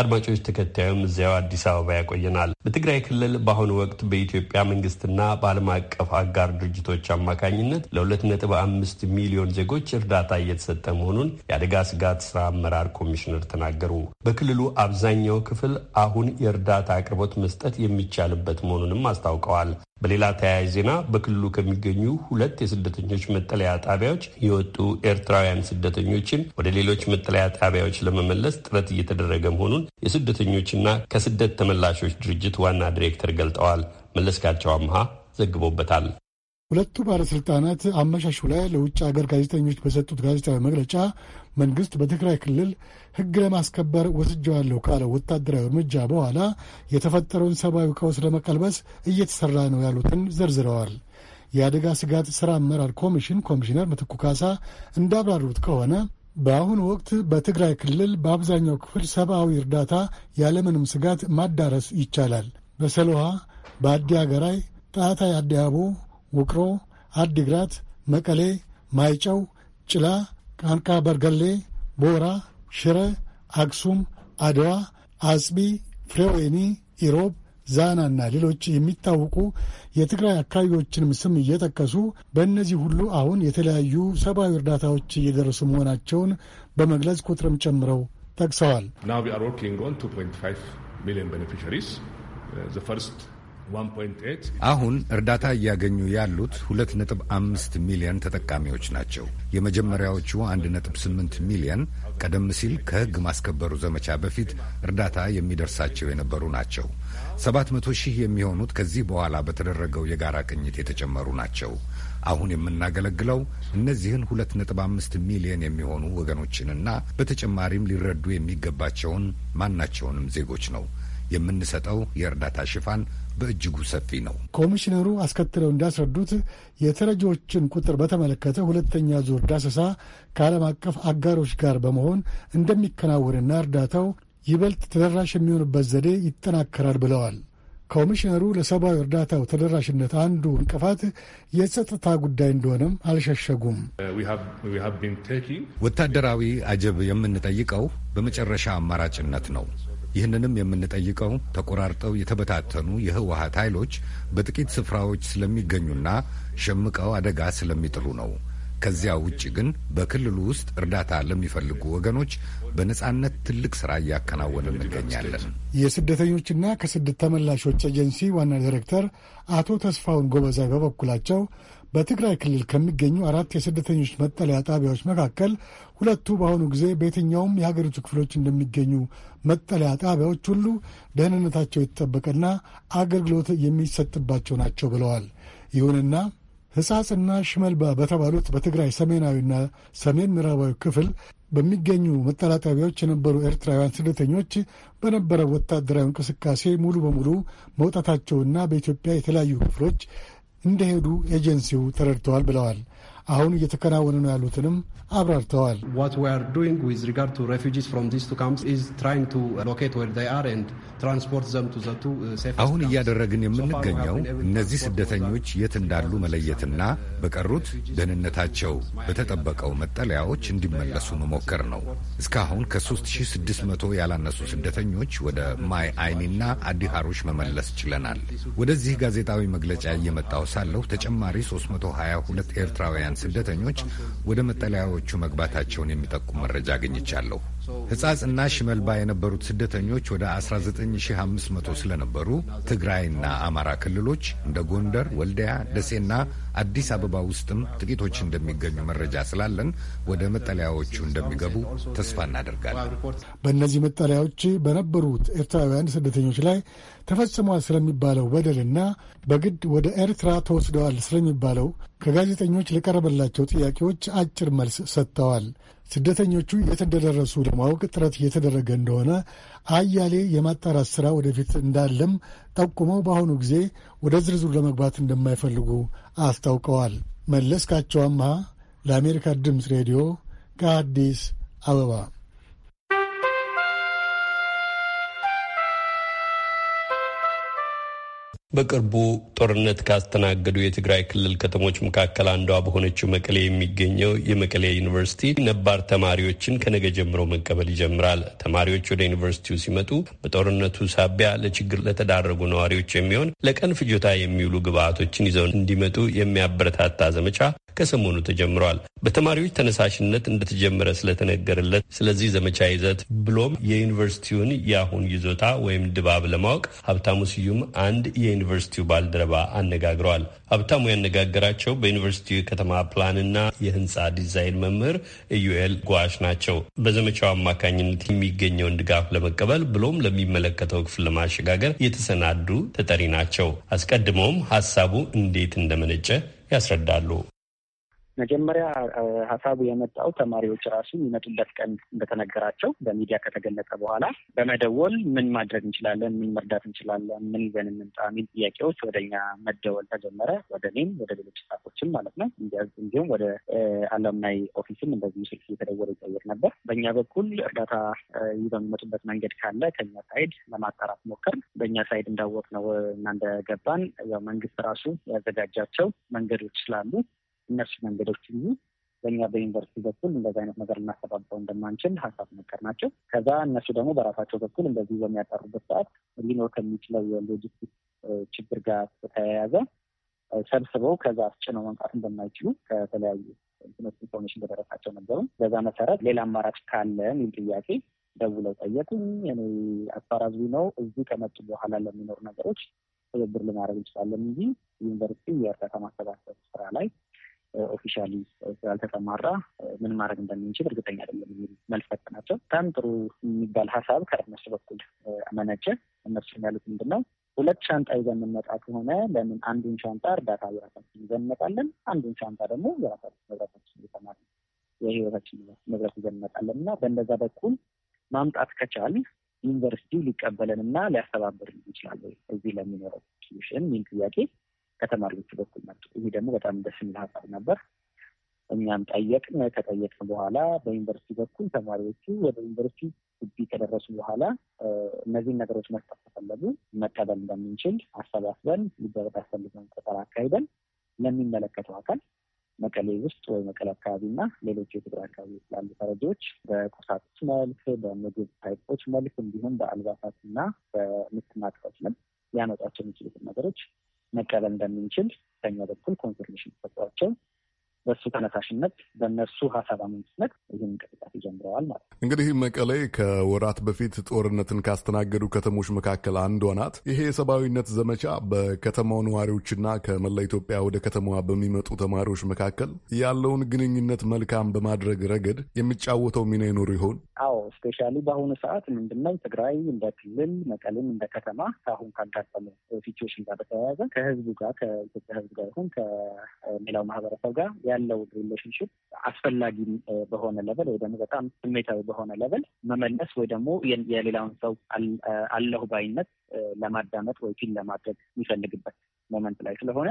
B: አድማጮች ተከታዩም እዚያው አዲስ አበባ ያቆየናል። በትግራይ ክልል በአሁኑ ወቅት በኢትዮጵያ መንግስትና በዓለም አቀፍ አጋር ድርጅቶች አማካኝነት ለ2.5 ሚሊዮን ዜጎች እርዳታ እየተሰጠ መሆኑን የአደጋ ስጋት ስራ አመራር ኮሚሽነር ተናገሩ። በክልሉ አብዛኛው ክፍል አሁን የእርዳታ አቅርቦት መስጠት የሚቻልበት መሆኑንም አስታውቀዋል። በሌላ ተያያዥ ዜና በክልሉ ከሚገኙ ሁለት የስደተኞች መጠለያ ጣቢያዎች የወጡ ኤርትራውያን ስደተኞችን ወደ ሌሎች መጠለያ ጣቢያዎች ለመመለስ ጥረት እየተደረገ መሆኑን የስደተኞችና ከስደት ተመላሾች ድርጅት ዋና ዲሬክተር ገልጠዋል። መለስካቸው አምሃ ዘግቦበታል።
I: ሁለቱ ባለሥልጣናት አመሻሹ ላይ ለውጭ አገር ጋዜጠኞች በሰጡት ጋዜጣዊ መግለጫ መንግሥት በትግራይ ክልል ሕግ ለማስከበር ወስጀዋለሁ ካለው ወታደራዊ እርምጃ በኋላ የተፈጠረውን ሰብአዊ ቀውስ ለመቀልበስ እየተሠራ ነው ያሉትን ዘርዝረዋል። የአደጋ ስጋት ሥራ አመራር ኮሚሽን ኮሚሽነር ምትኩ ካሳ እንዳብራሩት ከሆነ በአሁኑ ወቅት በትግራይ ክልል በአብዛኛው ክፍል ሰብአዊ እርዳታ ያለምንም ስጋት ማዳረስ ይቻላል። በሰልዋ፣ በአዲ አገራይ፣ ጣታ፣ አዲ አቦ ውቅሮ፣ አዲግራት፣ መቀሌ፣ ማይጨው፣ ጭላ፣ ቃንቃ፣ በርገሌ፣ ቦራ፣ ሽረ፣ አክሱም፣ አድዋ፣ አጽቢ፣ ፍሬወይኒ፣ ኢሮብ፣ ዛናና ሌሎች የሚታወቁ የትግራይ አካባቢዎችንም ስም እየጠቀሱ በእነዚህ ሁሉ አሁን የተለያዩ ሰብአዊ እርዳታዎች እየደረሱ መሆናቸውን በመግለጽ ቁጥርም ጨምረው ጠቅሰዋል።
M: አሁን እርዳታ እያገኙ ያሉት ሁለት ነጥብ አምስት ሚሊዮን ተጠቃሚዎች ናቸው። የመጀመሪያዎቹ 1.8 ነጥብ ሚሊዮን ቀደም ሲል ከሕግ ማስከበሩ ዘመቻ በፊት እርዳታ የሚደርሳቸው የነበሩ ናቸው። 700 ሺህ የሚሆኑት ከዚህ በኋላ በተደረገው የጋራ ቅኝት የተጨመሩ ናቸው። አሁን የምናገለግለው እነዚህን ሁለት ነጥብ ሚሊዮን የሚሆኑ ወገኖችንና በተጨማሪም ሊረዱ የሚገባቸውን ማናቸውንም ዜጎች ነው። የምንሰጠው የእርዳታ ሽፋን በእጅጉ ሰፊ ነው።
I: ኮሚሽነሩ አስከትለው እንዳስረዱት የተረጂዎችን ቁጥር በተመለከተ ሁለተኛ ዙር ዳሰሳ ከዓለም አቀፍ አጋሮች ጋር በመሆን እንደሚከናወንና እርዳታው ይበልጥ ተደራሽ የሚሆንበት ዘዴ ይጠናከራል ብለዋል። ኮሚሽነሩ ለሰብአዊ እርዳታው ተደራሽነት አንዱ እንቅፋት የጸጥታ ጉዳይ እንደሆነም አልሸሸጉም።
M: ወታደራዊ አጀብ የምንጠይቀው በመጨረሻ አማራጭነት ነው። ይህንንም የምንጠይቀው ተቆራርጠው የተበታተኑ የህወሀት ኃይሎች በጥቂት ስፍራዎች ስለሚገኙና ሸምቀው አደጋ ስለሚጥሉ ነው። ከዚያ ውጭ ግን በክልሉ ውስጥ እርዳታ ለሚፈልጉ ወገኖች በነጻነት ትልቅ ስራ እያከናወን እንገኛለን።
I: የስደተኞችና ከስደት ተመላሾች ኤጀንሲ ዋና ዲሬክተር አቶ ተስፋውን ጎበዛይ በበኩላቸው በትግራይ ክልል ከሚገኙ አራት የስደተኞች መጠለያ ጣቢያዎች መካከል ሁለቱ በአሁኑ ጊዜ በየትኛውም የሀገሪቱ ክፍሎች እንደሚገኙ መጠለያ ጣቢያዎች ሁሉ ደህንነታቸው የተጠበቀና አገልግሎት የሚሰጥባቸው ናቸው ብለዋል። ይሁንና ሕጻጽና ሽመልባ በተባሉት በትግራይ ሰሜናዊና ሰሜን ምዕራባዊ ክፍል በሚገኙ መጠለያ ጣቢያዎች የነበሩ ኤርትራውያን ስደተኞች በነበረው ወታደራዊ እንቅስቃሴ ሙሉ በሙሉ መውጣታቸውና በኢትዮጵያ የተለያዩ ክፍሎች እንደሄዱ ኤጀንሲው ተረድተዋል ብለዋል። አሁን እየተከናወነ ነው
C: ያሉትንም አብራርተዋል። uh, አሁን
M: እያደረግን የምንገኘው እነዚህ ስደተኞች የት እንዳሉ መለየትና በቀሩት ደህንነታቸው በተጠበቀው መጠለያዎች እንዲመለሱ መሞከር ነው። እስካሁን ከ3600 ያላነሱ ስደተኞች ወደ ማይ አይኒና አዲ ሃሩሽ መመለስ ችለናል። ወደዚህ ጋዜጣዊ መግለጫ እየመጣው ሳለሁ ተጨማሪ 322 ኤርትራውያን ኢትዮጵያውያን ስደተኞች ወደ መጠለያዎቹ መግባታቸውን የሚጠቁም መረጃ አግኝቻለሁ። ሕጻጽና ሽመልባ የነበሩት ስደተኞች ወደ 19500 ስለነበሩ ትግራይና አማራ ክልሎች እንደ ጎንደር፣ ወልዲያ፣ ደሴና አዲስ አበባ ውስጥም ጥቂቶች እንደሚገኙ መረጃ ስላለን ወደ መጠለያዎቹ እንደሚገቡ ተስፋ እናደርጋለን።
I: በእነዚህ መጠለያዎች በነበሩት ኤርትራውያን ስደተኞች ላይ ተፈጽሟል ስለሚባለው በደልና በግድ ወደ ኤርትራ ተወስደዋል ስለሚባለው ከጋዜጠኞች ለቀረበላቸው ጥያቄዎች አጭር መልስ ሰጥተዋል። ስደተኞቹ የት እንደደረሱ ለማወቅ ጥረት እየተደረገ እንደሆነ አያሌ የማጣራት ሥራ ወደፊት እንዳለም ጠቁመው በአሁኑ ጊዜ ወደ ዝርዝሩ ለመግባት እንደማይፈልጉ አስታውቀዋል። መለስካቸው አምሃ ለአሜሪካ ድምፅ ሬዲዮ ከአዲስ አበባ
B: በቅርቡ ጦርነት ካስተናገዱ የትግራይ ክልል ከተሞች መካከል አንዷ በሆነችው መቀሌ የሚገኘው የመቀሌ ዩኒቨርሲቲ ነባር ተማሪዎችን ከነገ ጀምሮ መቀበል ይጀምራል። ተማሪዎች ወደ ዩኒቨርሲቲው ሲመጡ በጦርነቱ ሳቢያ ለችግር ለተዳረጉ ነዋሪዎች የሚሆን ለቀን ፍጆታ የሚውሉ ግብዓቶችን ይዘው እንዲመጡ የሚያበረታታ ዘመቻ ከሰሞኑ ተጀምሯል። በተማሪዎች ተነሳሽነት እንደተጀመረ ስለተነገረለት ስለዚህ ዘመቻ ይዘት ብሎም የዩኒቨርሲቲውን የአሁን ይዞታ ወይም ድባብ ለማወቅ ሀብታሙ ስዩም አንድ የዩኒቨርሲቲው ባልደረባ አነጋግረዋል። ሀብታሙ ያነጋገራቸው በዩኒቨርሲቲው የከተማ ፕላንና የህንፃ ዲዛይን መምህር ኢዩኤል ጓሽ ናቸው። በዘመቻው አማካኝነት የሚገኘውን ድጋፍ ለመቀበል ብሎም ለሚመለከተው ክፍል ለማሸጋገር የተሰናዱ ተጠሪ ናቸው። አስቀድመውም ሀሳቡ እንዴት እንደመነጨ ያስረዳሉ።
N: መጀመሪያ ሀሳቡ የመጣው ተማሪዎች ራሱ የሚመጡበት ቀን እንደተነገራቸው በሚዲያ ከተገለጸ በኋላ በመደወል ምን ማድረግ እንችላለን፣ ምን መርዳት እንችላለን፣ ምን ይዘን እንምጣ የሚል ጥያቄዎች ወደ እኛ መደወል ተጀመረ። ወደ እኔም ወደ ሌሎች ጻፎችም ማለት ነው። እንዲሁም ወደ አለምናይ ኦፊስም እንደዚህ ስልክ እየተደወለ ይጠየቅ ነበር። በእኛ በኩል እርዳታ ይዘው የሚመጡበት መንገድ ካለ ከኛ ሳይድ ለማጣራት ሞከር። በእኛ ሳይድ እንዳወቅ ነው እና እንደገባን ያው መንግስት ራሱ ያዘጋጃቸው መንገዶች ስላሉ እነሱ መንገዶች ሁሉ በእኛ በዩኒቨርሲቲ በኩል እንደዚህ አይነት ነገር ልናስተባብረው እንደማንችል ሀሳብ ነገር ናቸው። ከዛ እነሱ ደግሞ በራሳቸው በኩል እንደዚህ በሚያጠሩበት ሰዓት ሊኖር ከሚችለው የሎጂስቲክ ችግር ጋር በተያያዘ ሰብስበው ከዛ አስጭነው መምጣት እንደማይችሉ ከተለያዩ ትምህርት ኢንፎርሜሽን እንደደረሳቸው ነበሩ። በዛ መሰረት ሌላ አማራጭ ካለ የሚል ጥያቄ ደውለው ጠየቁኝ። እኔ አስፋራዙ ነው እዚህ ከመጡ በኋላ ለሚኖሩ ነገሮች ትብብር ልማድረግ እንችላለን እንጂ ዩኒቨርሲቲ የእርዳታ ማሰባሰብ ስራ ላይ ኦፊሻሊ ስላልተሰማራ ምን ማድረግ እንደምንችል እርግጠኛ አይደለም የሚል መልስ ናቸው። በጣም ጥሩ የሚባል ሀሳብ ከእነሱ በኩል መነጨ። እነሱ ያሉት ምንድን ነው? ሁለት ሻንጣ ይዘን የምንመጣ ከሆነ ለምን አንዱን ሻንጣ እርዳታ የራሳችን ይዘን እንመጣለን፣ አንዱን ሻንጣ ደግሞ የራሳችን ንብረታችን እየተማር የህይወታችን ንብረት ይዘን እንመጣለን እና በእንደዛ በኩል ማምጣት ከቻል ዩኒቨርሲቲው ሊቀበለን እና ሊያስተባብር ይችላል እዚህ ለሚኖረው ሚል ጥያቄ ከተማሪዎቹ በኩል መጡ። ይህ ደግሞ በጣም ደስ የሚል ሀሳብ ነበር። እኛም ጠየቅን። ከጠየቅን በኋላ በዩኒቨርሲቲ በኩል ተማሪዎቹ ወደ ዩኒቨርሲቲ ግቢ ከደረሱ በኋላ እነዚህን ነገሮች መስጠት ከፈለጉ መቀበል እንደምንችል አሰባስበን ሊደረግ አስፈልገን ቆጠራ አካሂደን ለሚመለከተው አካል መቀሌ ውስጥ ወይ መቀሌ አካባቢ እና ሌሎች የትግራይ አካባቢ ላሉ ተረጂዎች በቁሳቁስ መልክ፣ በምግብ ታይፖች መልክ እንዲሁም በአልባሳት እና በንጽህና መልክ ሊያመጧቸው የሚችሉትን ነገሮች መቀበል እንደምንችል ከኛ በኩል ኮንፊርሜሽን ሰጧቸው። በእሱ ተነሳሽነት በእነሱ ሀሳብ አመንጭነት ይህን እንቅስቃሴ ጀምረዋል ማለት
K: ነው። እንግዲህ መቀሌ ከወራት በፊት ጦርነትን ካስተናገዱ ከተሞች መካከል አንዷ ናት። ይሄ የሰብአዊነት ዘመቻ በከተማው ነዋሪዎችና ከመላ ኢትዮጵያ ወደ ከተማዋ በሚመጡ ተማሪዎች መካከል ያለውን ግንኙነት መልካም በማድረግ ረገድ የሚጫወተው ሚና ይኖሩ ይሆን?
N: አዎ፣ ስፔሻሊ በአሁኑ ሰዓት ምንድነው ትግራይ እንደ ክልል መቀሌም እንደ ከተማ ከአሁን ካጋጠሙ ሲቹዌሽን ጋር በተያያዘ ከህዝቡ ጋር ከኢትዮጵያ ህዝብ ጋር ይሁን ከሌላው ማህበረሰብ ጋር ያለው ሪሌሽንሽፕ አስፈላጊ በሆነ ለቨል ወይ ደግሞ በጣም ስሜታዊ በሆነ ለቨል መመለስ ወይ ደግሞ የሌላውን ሰው አለሁ ባይነት ለማዳመጥ ወይ ፊል ለማድረግ የሚፈልግበት ሞመንት ላይ ስለሆነ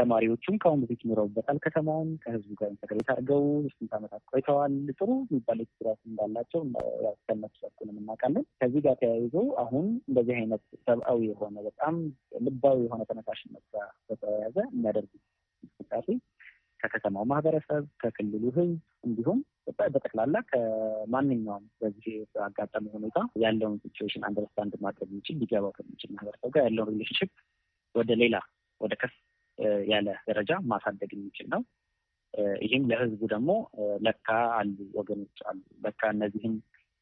N: ተማሪዎቹም ከአሁን በፊት ኑረውበታል። ከተማውን ከህዝቡ ጋር ኢንተግሬት አድርገው ስንት ዓመታት ቆይተዋል። ጥሩ የሚባል ኤክስፒሪያንስ እንዳላቸው ከነሱ በኩል እናውቃለን። ከዚህ ጋር ተያይዞ አሁን እንደዚህ አይነት ሰብአዊ የሆነ በጣም ልባዊ የሆነ ተነሳሽነት ጋር በተያያዘ የሚያደርጉት እንቅስቃሴ ከከተማው ማህበረሰብ፣ ከክልሉ ህዝብ እንዲሁም በጠቅላላ ከማንኛውም በዚህ አጋጣሚ ሁኔታ ያለውን ሲቹዌሽን አንደርስታንድ ማድረግ የሚችል ሊገባው ከሚችል ማህበረሰብ ጋር ያለውን ሪሌሽንሽፕ ወደ ሌላ ወደ ከፍ ያለ ደረጃ ማሳደግ የሚችል ነው። ይህም ለህዝቡ ደግሞ ለካ አሉ ወገኖች አሉ ለካ እነዚህም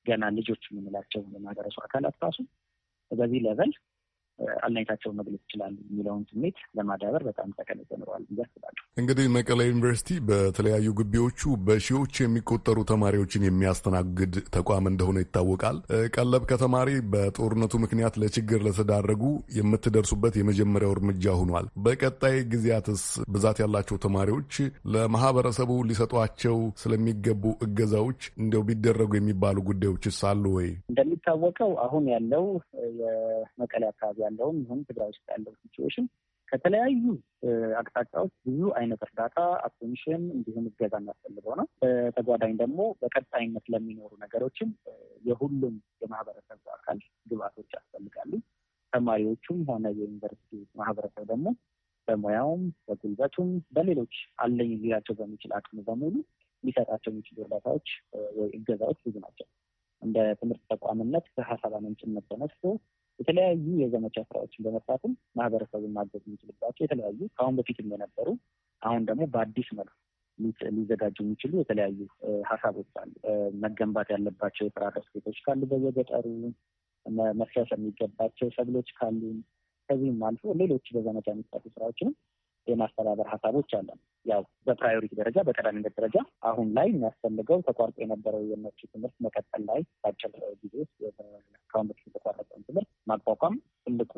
N: ገና ልጆች የምንላቸው የማህበረሰቡ አካላት ራሱ በዚህ ሌቨል አልናይታቸውን መግለጽ ይችላል የሚለውን ስሜት ለማዳበር በጣም ጠቀሜታ ይኖረዋል ብዬ አስባለሁ።
K: እንግዲህ መቀሌ ዩኒቨርሲቲ በተለያዩ ግቢዎቹ በሺዎች የሚቆጠሩ ተማሪዎችን የሚያስተናግድ ተቋም እንደሆነ ይታወቃል። ቀለብ ከተማሪ በጦርነቱ ምክንያት ለችግር ለተዳረጉ የምትደርሱበት የመጀመሪያው እርምጃ ሆኗል። በቀጣይ ጊዜያትስ ብዛት ያላቸው ተማሪዎች ለማህበረሰቡ ሊሰጧቸው ስለሚገቡ እገዛዎች እንደው ቢደረጉ የሚባሉ ጉዳዮችስ አሉ ወይ?
N: እንደሚታወቀው አሁን ያለው የመቀሌ አካባቢ ያለውም ይሁን ትግራይ ውስጥ ያለው ሲትዌሽን ከተለያዩ አቅጣጫዎች ብዙ አይነት እርዳታ አቴንሽን፣ እንዲሁም እገዛ የሚያስፈልገው ነው። በተጓዳኝ ደግሞ በቀጣይነት ለሚኖሩ ነገሮችም የሁሉም የማህበረሰብ አካል ግብአቶች ያስፈልጋሉ። ተማሪዎቹም ሆነ የዩኒቨርሲቲ ማህበረሰብ ደግሞ በሙያውም፣ በጉልበቱም፣ በሌሎች አለኝ ሊላቸው በሚችል አቅሙ በሙሉ ሊሰጣቸው የሚችሉ እርዳታዎች ወይ እገዛዎች ብዙ ናቸው። እንደ ትምህርት ተቋምነት ከሀሳብ አመንጭነት ተነስቶ የተለያዩ የዘመቻ ስራዎችን በመስራትም ማህበረሰቡን ማገዝ የሚችልባቸው የተለያዩ ከአሁን በፊትም የነበሩ አሁን ደግሞ በአዲስ መልኩ ሊዘጋጁ የሚችሉ የተለያዩ ሀሳቦች አሉ። መገንባት ያለባቸው የስራ ደስቤቶች ካሉ በየገጠሩ መፍሰስ የሚገባቸው ሰብሎች ካሉ ከዚህም አልፎ ሌሎች በዘመቻ የሚሰሩ ስራዎችንም የማስተባበር ሀሳቦች አለ። ያው በፕራዮሪቲ ደረጃ በቀዳሚነት ደረጃ አሁን ላይ የሚያስፈልገው ተቋርጦ የነበረው የነሱ ትምህርት መቀጠል ላይ ባጭር ጊዜ ውስጥ እስካሁን የተቋረጠውን ትምህርት ማቋቋም ትልቁ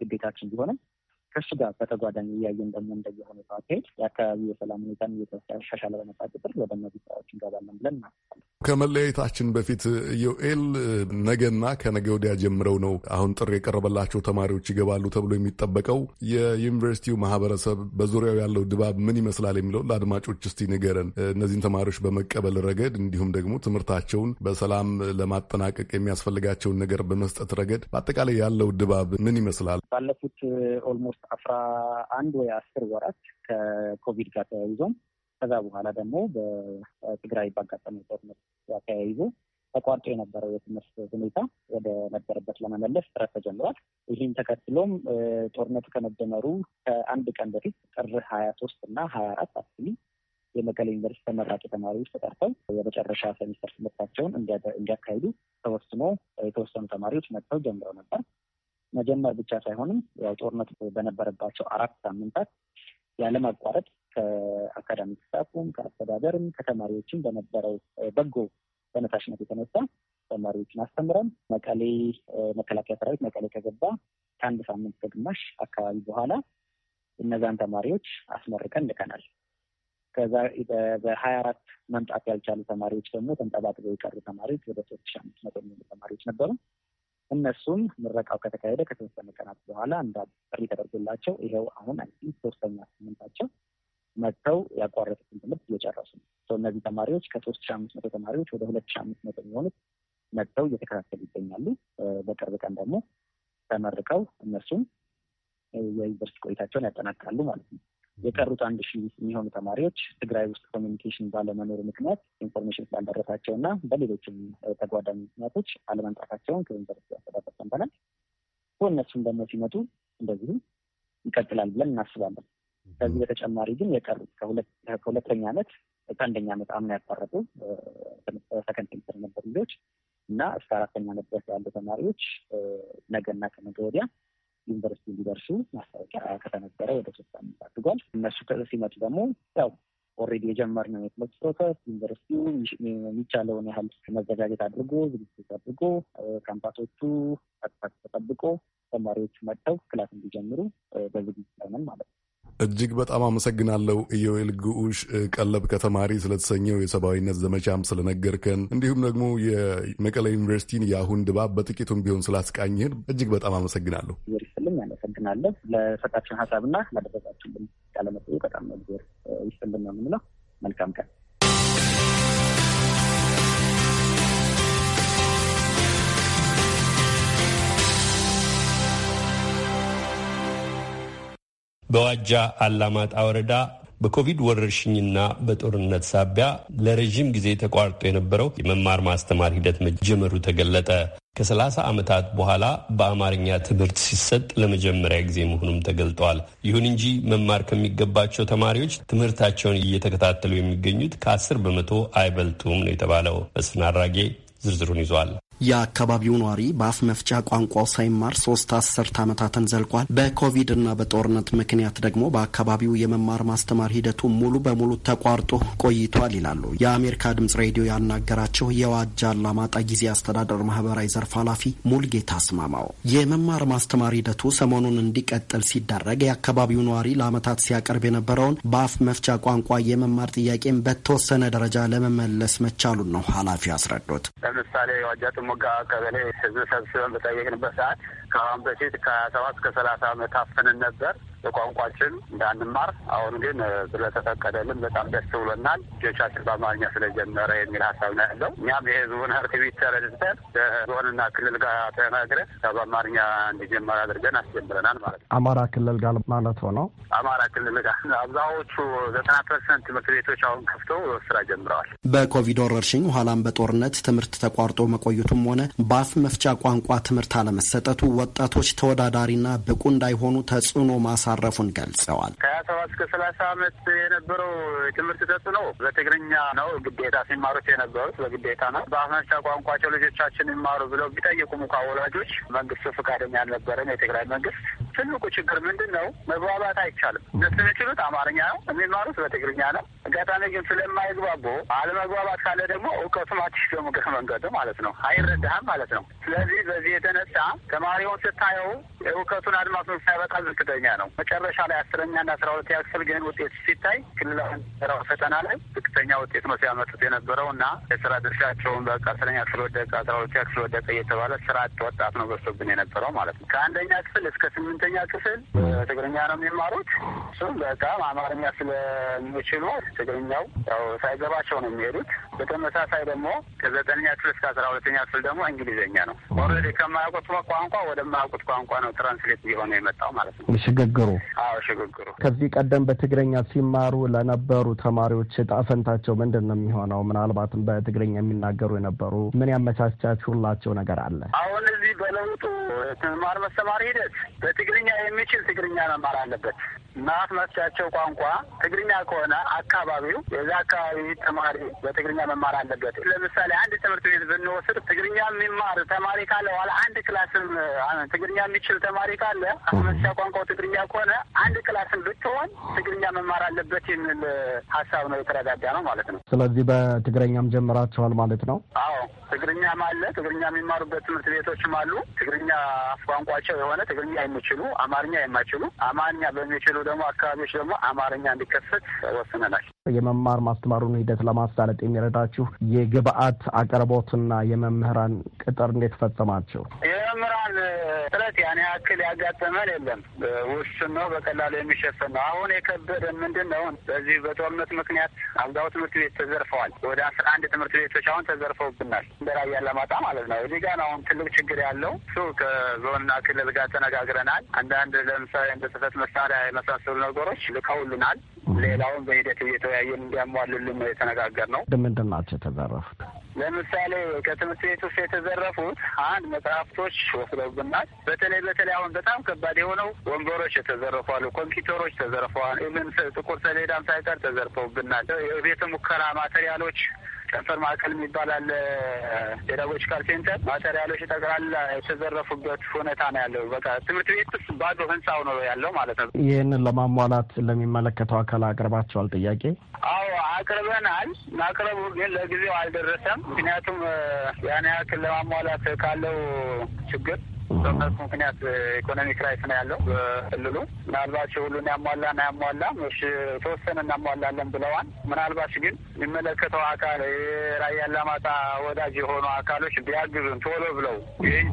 N: ግዴታችን ቢሆንም ከሱ ጋር በተጓዳኝ እያየን ደግሞ እንደየ ሁኔታ አካሄድ የአካባቢ የሰላም ሁኔታን እየተሻሻለ በመጣ ቁጥር ወደ እነዚህ ስራዎች እንገባለን ብለን እናስባለን።
K: ከመለያየታችን በፊት ዮኤል፣ ነገና ከነገ ወዲያ ጀምረው ነው አሁን ጥሪ የቀረበላቸው ተማሪዎች ይገባሉ ተብሎ የሚጠበቀው። የዩኒቨርሲቲው ማህበረሰብ በዙሪያው ያለው ድባብ ምን ይመስላል የሚለው ለአድማጮች እስቲ ንገረን። እነዚህን ተማሪዎች በመቀበል ረገድ እንዲሁም ደግሞ ትምህርታቸውን በሰላም ለማጠናቀቅ የሚያስፈልጋቸውን ነገር በመስጠት ረገድ በአጠቃላይ ያለው ድባብ ምን ይመስላል?
N: ባለፉት ኦልሞስት አስራ አንድ ወይ አስር ወራት ከኮቪድ ጋር ተያይዞም ከዛ በኋላ ደግሞ በትግራይ ባጋጠመው ጦርነት ተያይዞ ተቋርጦ የነበረው የትምህርት ሁኔታ ወደ ነበረበት ለመመለስ ጥረት ተጀምሯል። ይህም ተከትሎም ጦርነቱ ከመጀመሩ ከአንድ ቀን በፊት ጥር ሀያ ሶስት እና ሀያ አራት አክሊ የመቀሌ ዩኒቨርሲቲ ተመራቂ ተማሪዎች ተጠርተው የመጨረሻ ሴሚስተር ትምህርታቸውን እንዲያካሂዱ ተወስኖ የተወሰኑ ተማሪዎች መጥተው ጀምረው ነበር። መጀመር ብቻ ሳይሆንም ያው ጦርነት በነበረባቸው አራት ሳምንታት ያለማቋረጥ ከአካዳሚክ ስታፉም ከአስተዳደርም ከተማሪዎችም በነበረው በጎ ተነሳሽነት የተነሳ ተማሪዎችን አስተምረን መቀሌ መከላከያ ሰራዊት መቀሌ ከገባ ከአንድ ሳምንት ከግማሽ አካባቢ በኋላ እነዛን ተማሪዎች አስመርቀን ልከናል። ከዛ በሀያ አራት መምጣት ያልቻሉ ተማሪዎች ደግሞ ተንጠባጥበው የቀሩ ተማሪዎች ወደ ሶስት ሺ አምስት መቶ የሚሆኑ ተማሪዎች ነበሩ። እነሱም ምረቃው ከተካሄደ ከተወሰነ ቀናት በኋላ እንዳ ጥሪ ተደርጎላቸው ይኸው አሁን አይ ሶስተኛ ስምንታቸው መጥተው ያቋረጡትን ትምህርት እየጨረሱ ነው። እነዚህ ተማሪዎች ከሶስት ሺ አምስት መቶ ተማሪዎች ወደ ሁለት ሺ አምስት መቶ የሚሆኑት መጥተው እየተከታተሉ ይገኛሉ። በቅርብ ቀን ደግሞ ተመርቀው እነሱም የዩኒቨርሲቲ ቆይታቸውን ያጠናቅቃሉ ማለት ነው። የቀሩት አንድ ሺህ የሚሆኑ ተማሪዎች ትግራይ ውስጥ ኮሚኒኬሽን ባለመኖሩ ምክንያት ኢንፎርሜሽን ስላልደረሳቸው እና በሌሎችም ተጓዳኝ ምክንያቶች አለመምጣታቸውን ከዩኒቨርሲቲ አስተዳደር ሰምተናል። እነሱም ደግሞ ሲመጡ እንደዚሁ ይቀጥላል ብለን እናስባለን። ከዚህ በተጨማሪ ግን የቀሩት ከሁለተኛ ዓመት ከአንደኛ ዓመት አምና ያቋረጡ ሰከንድ ሴሚስተር ነበር ልጆች እና እስከ አራተኛ ዓመት ድረስ ያሉ ተማሪዎች ነገና ከነገ ወዲያ ዩኒቨርሲቲ እንዲደርሱ ማስታወቂያ ከተነበረ ወደ ሶስት ዓመት አድጓል። እነሱ ሲመጡ ደግሞ ያው ኦልሬዲ የጀመርነው የትምህርት ፕሮሰስ ዩኒቨርሲቲው የሚቻለውን ያህል መዘጋጀት አድርጎ ዝግጅት አድርጎ ካምፓሶቹ ተጠብቆ ተማሪዎቹ መጥተው ክላስ እንዲጀምሩ በዝግጅት ላይ ነን ማለት ነው።
K: እጅግ በጣም አመሰግናለሁ ኢዮኤል ግዑሽ ቀለብ ከተማሪ ስለተሰኘው የሰብአዊነት ዘመቻም ስለነገርከን፣ እንዲሁም ደግሞ የመቀለ ዩኒቨርሲቲን የአሁን ድባብ በጥቂቱም ቢሆን ስላስቃኝህን እጅግ በጣም አመሰግናለሁ።
N: ይስጥልኝ። አመሰግናለሁ ለሰጣችን ሀሳብና ላደረጋችሁልን ቃለመጠይቅ በጣም ይስጥልን ነው የምንለው። መልካም ቀን።
B: በዋጃ አላማጣ ወረዳ በኮቪድ ወረርሽኝና በጦርነት ሳቢያ ለረዥም ጊዜ ተቋርጦ የነበረው የመማር ማስተማር ሂደት መጀመሩ ተገለጠ። ከ30 ዓመታት በኋላ በአማርኛ ትምህርት ሲሰጥ ለመጀመሪያ ጊዜ መሆኑም ተገልጧል። ይሁን እንጂ መማር ከሚገባቸው ተማሪዎች ትምህርታቸውን እየተከታተሉ የሚገኙት ከ ከ10 በመቶ አይበልጡም ነው የተባለው። መስፍን አራጌ ዝርዝሩን ይዟል።
O: የአካባቢው ነዋሪ በአፍ መፍቻ ቋንቋው ሳይማር ሶስት አስርት ዓመታትን ዘልቋል። በኮቪድና በጦርነት ምክንያት ደግሞ በአካባቢው የመማር ማስተማር ሂደቱ ሙሉ በሙሉ ተቋርጦ ቆይቷል ይላሉ የአሜሪካ ድምጽ ሬዲዮ ያናገራቸው የዋጃ አላማጣ ጊዜ አስተዳደር ማህበራዊ ዘርፍ ኃላፊ ሙልጌታ አስማማው። የመማር ማስተማር ሂደቱ ሰሞኑን እንዲቀጥል ሲደረግ የአካባቢው ነዋሪ ለዓመታት ሲያቀርብ የነበረውን በአፍ መፍቻ ቋንቋ የመማር ጥያቄን በተወሰነ ደረጃ ለመመለስ መቻሉን ነው ኃላፊው ያስረዱት።
P: ለምሳሌ የዋጃ ሙጋ ቀበሌ ህዝብ ሰብስበን በጠየቅንበት ሰዓት ከአሁን በፊት ከሀያ ሰባት እስከ ሰላሳ አመት ታፍነን ነበር። በቋንቋችን እንዳንማር አሁን ግን ስለተፈቀደልን በጣም ደስ ብሎናል። ልጆቻችን በአማርኛ ስለጀመረ የሚል ሀሳብ ነው ያለው። እኛም የህዝቡን ህርት ተረድተን ዞንና ክልል ጋር ተነግረ በአማርኛ እንዲጀመር አድርገን አስጀምረናል ማለት
O: ነው። አማራ ክልል ጋር ማለት ሆነው
P: አማራ ክልል ጋር አብዛዎቹ ዘጠና ፐርሰንት ትምህርት ቤቶች አሁን ከፍተው ስራ ጀምረዋል።
O: በኮቪድ ወረርሽኝ ኋላም በጦርነት ትምህርት ተቋርጦ መቆየቱም ሆነ በአፍ መፍቻ ቋንቋ ትምህርት አለመሰጠቱ ወጣቶች ተወዳዳሪና ብቁ እንዳይሆኑ ተጽዕኖ ማሳ ማሳረፉን ገልጸዋል። ከሀያ ሰባት እስከ ሰላሳ ዓመት የነበረው
P: ትምህርት ተጽዕኖ በትግርኛ ነው ግዴታ ሲማሩት የነበሩት በግዴታ ነው። በአፍመርቻ ቋንቋቸው ልጆቻችን ይማሩ ብለው ቢጠይቁም እንኳ ወላጆች መንግስቱ ፈቃደኛ አልነበረም። የትግራይ መንግስት ትልቁ ችግር ምንድን ነው? መግባባት አይቻልም። እነሱ የሚችሉት አማርኛ ነው፣ የሚማሩት በትግርኛ ነው። አጋጣሚ ግን ስለማይግባቡ አለመግባባት ካለ ደግሞ እውቀቱ ማትሽ ደግሞ መንገዱ ማለት ነው አይረዳህም ማለት ነው። ስለዚህ በዚህ የተነሳ ተማሪውን ስታየው እውቀቱን አድማሱን ሳይበቃ ዝቅተኛ ነው። መጨረሻ ላይ አስረኛ ና አስራ ሁለተኛ ክፍል ግን ውጤት ሲታይ ክልላዊ ስራው ፈተና ላይ ዝቅተኛ ውጤት ነው ሲያመጡት የነበረው እና የስራ ድርሻቸውን በቃ አስረኛ ክፍል ወደቀ፣ አስራ ሁለተኛ ክፍል ወደቀ እየተባለ ስራ አጥ ወጣት ነው በዝቶብን የነበረው ማለት ነው። ከአንደኛ ክፍል እስከ ስምንተኛ ክፍል ትግርኛ ነው የሚማሩት። እሱም በጣም አማርኛ ስለሚችሉ ትግርኛው ያው ሳይገባቸው ነው የሚሄዱት። በተመሳሳይ ደግሞ ከዘጠነኛ ክፍል እስከ አስራ ሁለተኛ ክፍል ደግሞ እንግሊዝኛ ነው። ኦልሬዲ ከማያውቁት ቋንቋ ወደማያውቁት ቋንቋ ነው ትራንስሌት እየሆነ የመጣው ማለት
O: ነው። ሲገገሩ
P: ሽግግሩ። ሽግግሩ።
O: ከዚህ ቀደም በትግረኛ ሲማሩ ለነበሩ ተማሪዎች ዕጣ ፈንታቸው ምንድን ነው የሚሆነው? ምናልባትም በትግረኛ የሚናገሩ የነበሩ ምን ያመቻቻችሁላቸው ነገር አለ?
P: አሁን እዚህ በለውጡ መማር መስተማር ሂደት በትግርኛ የሚችል ትግርኛ መማር አለበት። ማት መፍቻቸው ቋንቋ ትግርኛ ከሆነ አካባቢው የዛ አካባቢ ተማሪ በትግርኛ መማር አለበት። ለምሳሌ አንድ ትምህርት ቤት ብንወስድ ትግርኛ የሚማር ተማሪ ካለ ኋላ አንድ ክላስም ትግርኛ የሚችል
Q: ተማሪ ካለ መስቻ ቋንቋው ትግርኛ ከሆነ ሆነ አንድ ክላስን ብትሆን ትግርኛ መማር አለበት የሚል ሀሳብ ነው የተረዳዳ ነው ማለት ነው። ስለዚህ
O: በትግረኛም ጀምራቸዋል ማለት ነው? አዎ ትግርኛም አለ።
P: ትግርኛ የሚማሩበት ትምህርት ቤቶችም አሉ። ትግርኛ ቋንቋቸው የሆነ ትግርኛ የሚችሉ አማርኛ የማይችሉ አማርኛ በሚችሉ ደግሞ አካባቢዎች ደግሞ አማርኛ እንዲከፈት ወስነናል።
O: የመማር ማስተማሩን ሂደት ለማሳለጥ የሚረዳችሁ የግብአት አቅርቦትና የመምህራን ቅጥር እንዴት ፈጸማችሁ?
P: የመምህራን ጥረት ያን ያክል ያጋጠመን የለም። ውስን የሚሸፈን ነው፣ በቀላሉ የሚሸፈን ነው። አሁን የከበደ ምንድን ነው? በዚህ በጦርነት ምክንያት አብዛው ትምህርት ቤት ተዘርፈዋል። ወደ አስራ አንድ ትምህርት ቤቶች አሁን ተዘርፈውብናል። እንደራያ ለማጣ ማለት ነው። እዚህ ጋር አሁን ትልቅ ችግር ያለው እሱ ከዞንና ክልል ጋር ተነጋግረናል። አንዳንድ ለምሳሌ እንደ ጽህፈት መሳሪያ የመሳሰሉ ነገሮች ልከውልናል። ሌላውን በሂደት እየተወያየን የተነጋገር ነው የተነጋገርነው።
O: ምንድን ናቸው የተዘረፉት?
P: ለምሳሌ ከትምህርት ቤት ውስጥ የተዘረፉት አንድ መጽሐፍቶች ወስደውብናል። በተለይ በተለይ አሁን በጣም ከባድ የሆነው ወንበሮች የተዘረፏሉ፣ ኮምፒውተሮች ተዘርፈዋል፣ ምን ጥቁር ሰሌዳም ሳይቀር ተዘርፈውብናል። የቤተ ሙከራ ማቴሪያሎች ጠፈር ማዕከል የሚባል አለ። ፔዳጎጂካል ሴንተር ማቴሪያሎች ጠቅላላ የተዘረፉበት ሁኔታ ነው ያለው። በቃ ትምህርት ቤት ባዶ ህንፃው ነው ያለው ማለት ነው። ይህን
O: ለማሟላት ለሚመለከተው አካል አቅርባቸዋል ጥያቄ?
P: አዎ አቅርበናል። ማቅረቡ ግን ለጊዜው አልደረሰም። ምክንያቱም ያን ያክል ለማሟላት ካለው ችግር በመስ ምክንያት ኢኮኖሚ ክራይስ ነው ያለው በክልሉ። ምናልባት ሁሉን ያሟላን አያሟላም፣ እሺ ተወሰነ እናሟላለን ብለዋል። ምናልባት ግን የሚመለከተው አካል የራያ አላማጣ ወዳጅ የሆኑ አካሎች ቢያግዙን ቶሎ ብለው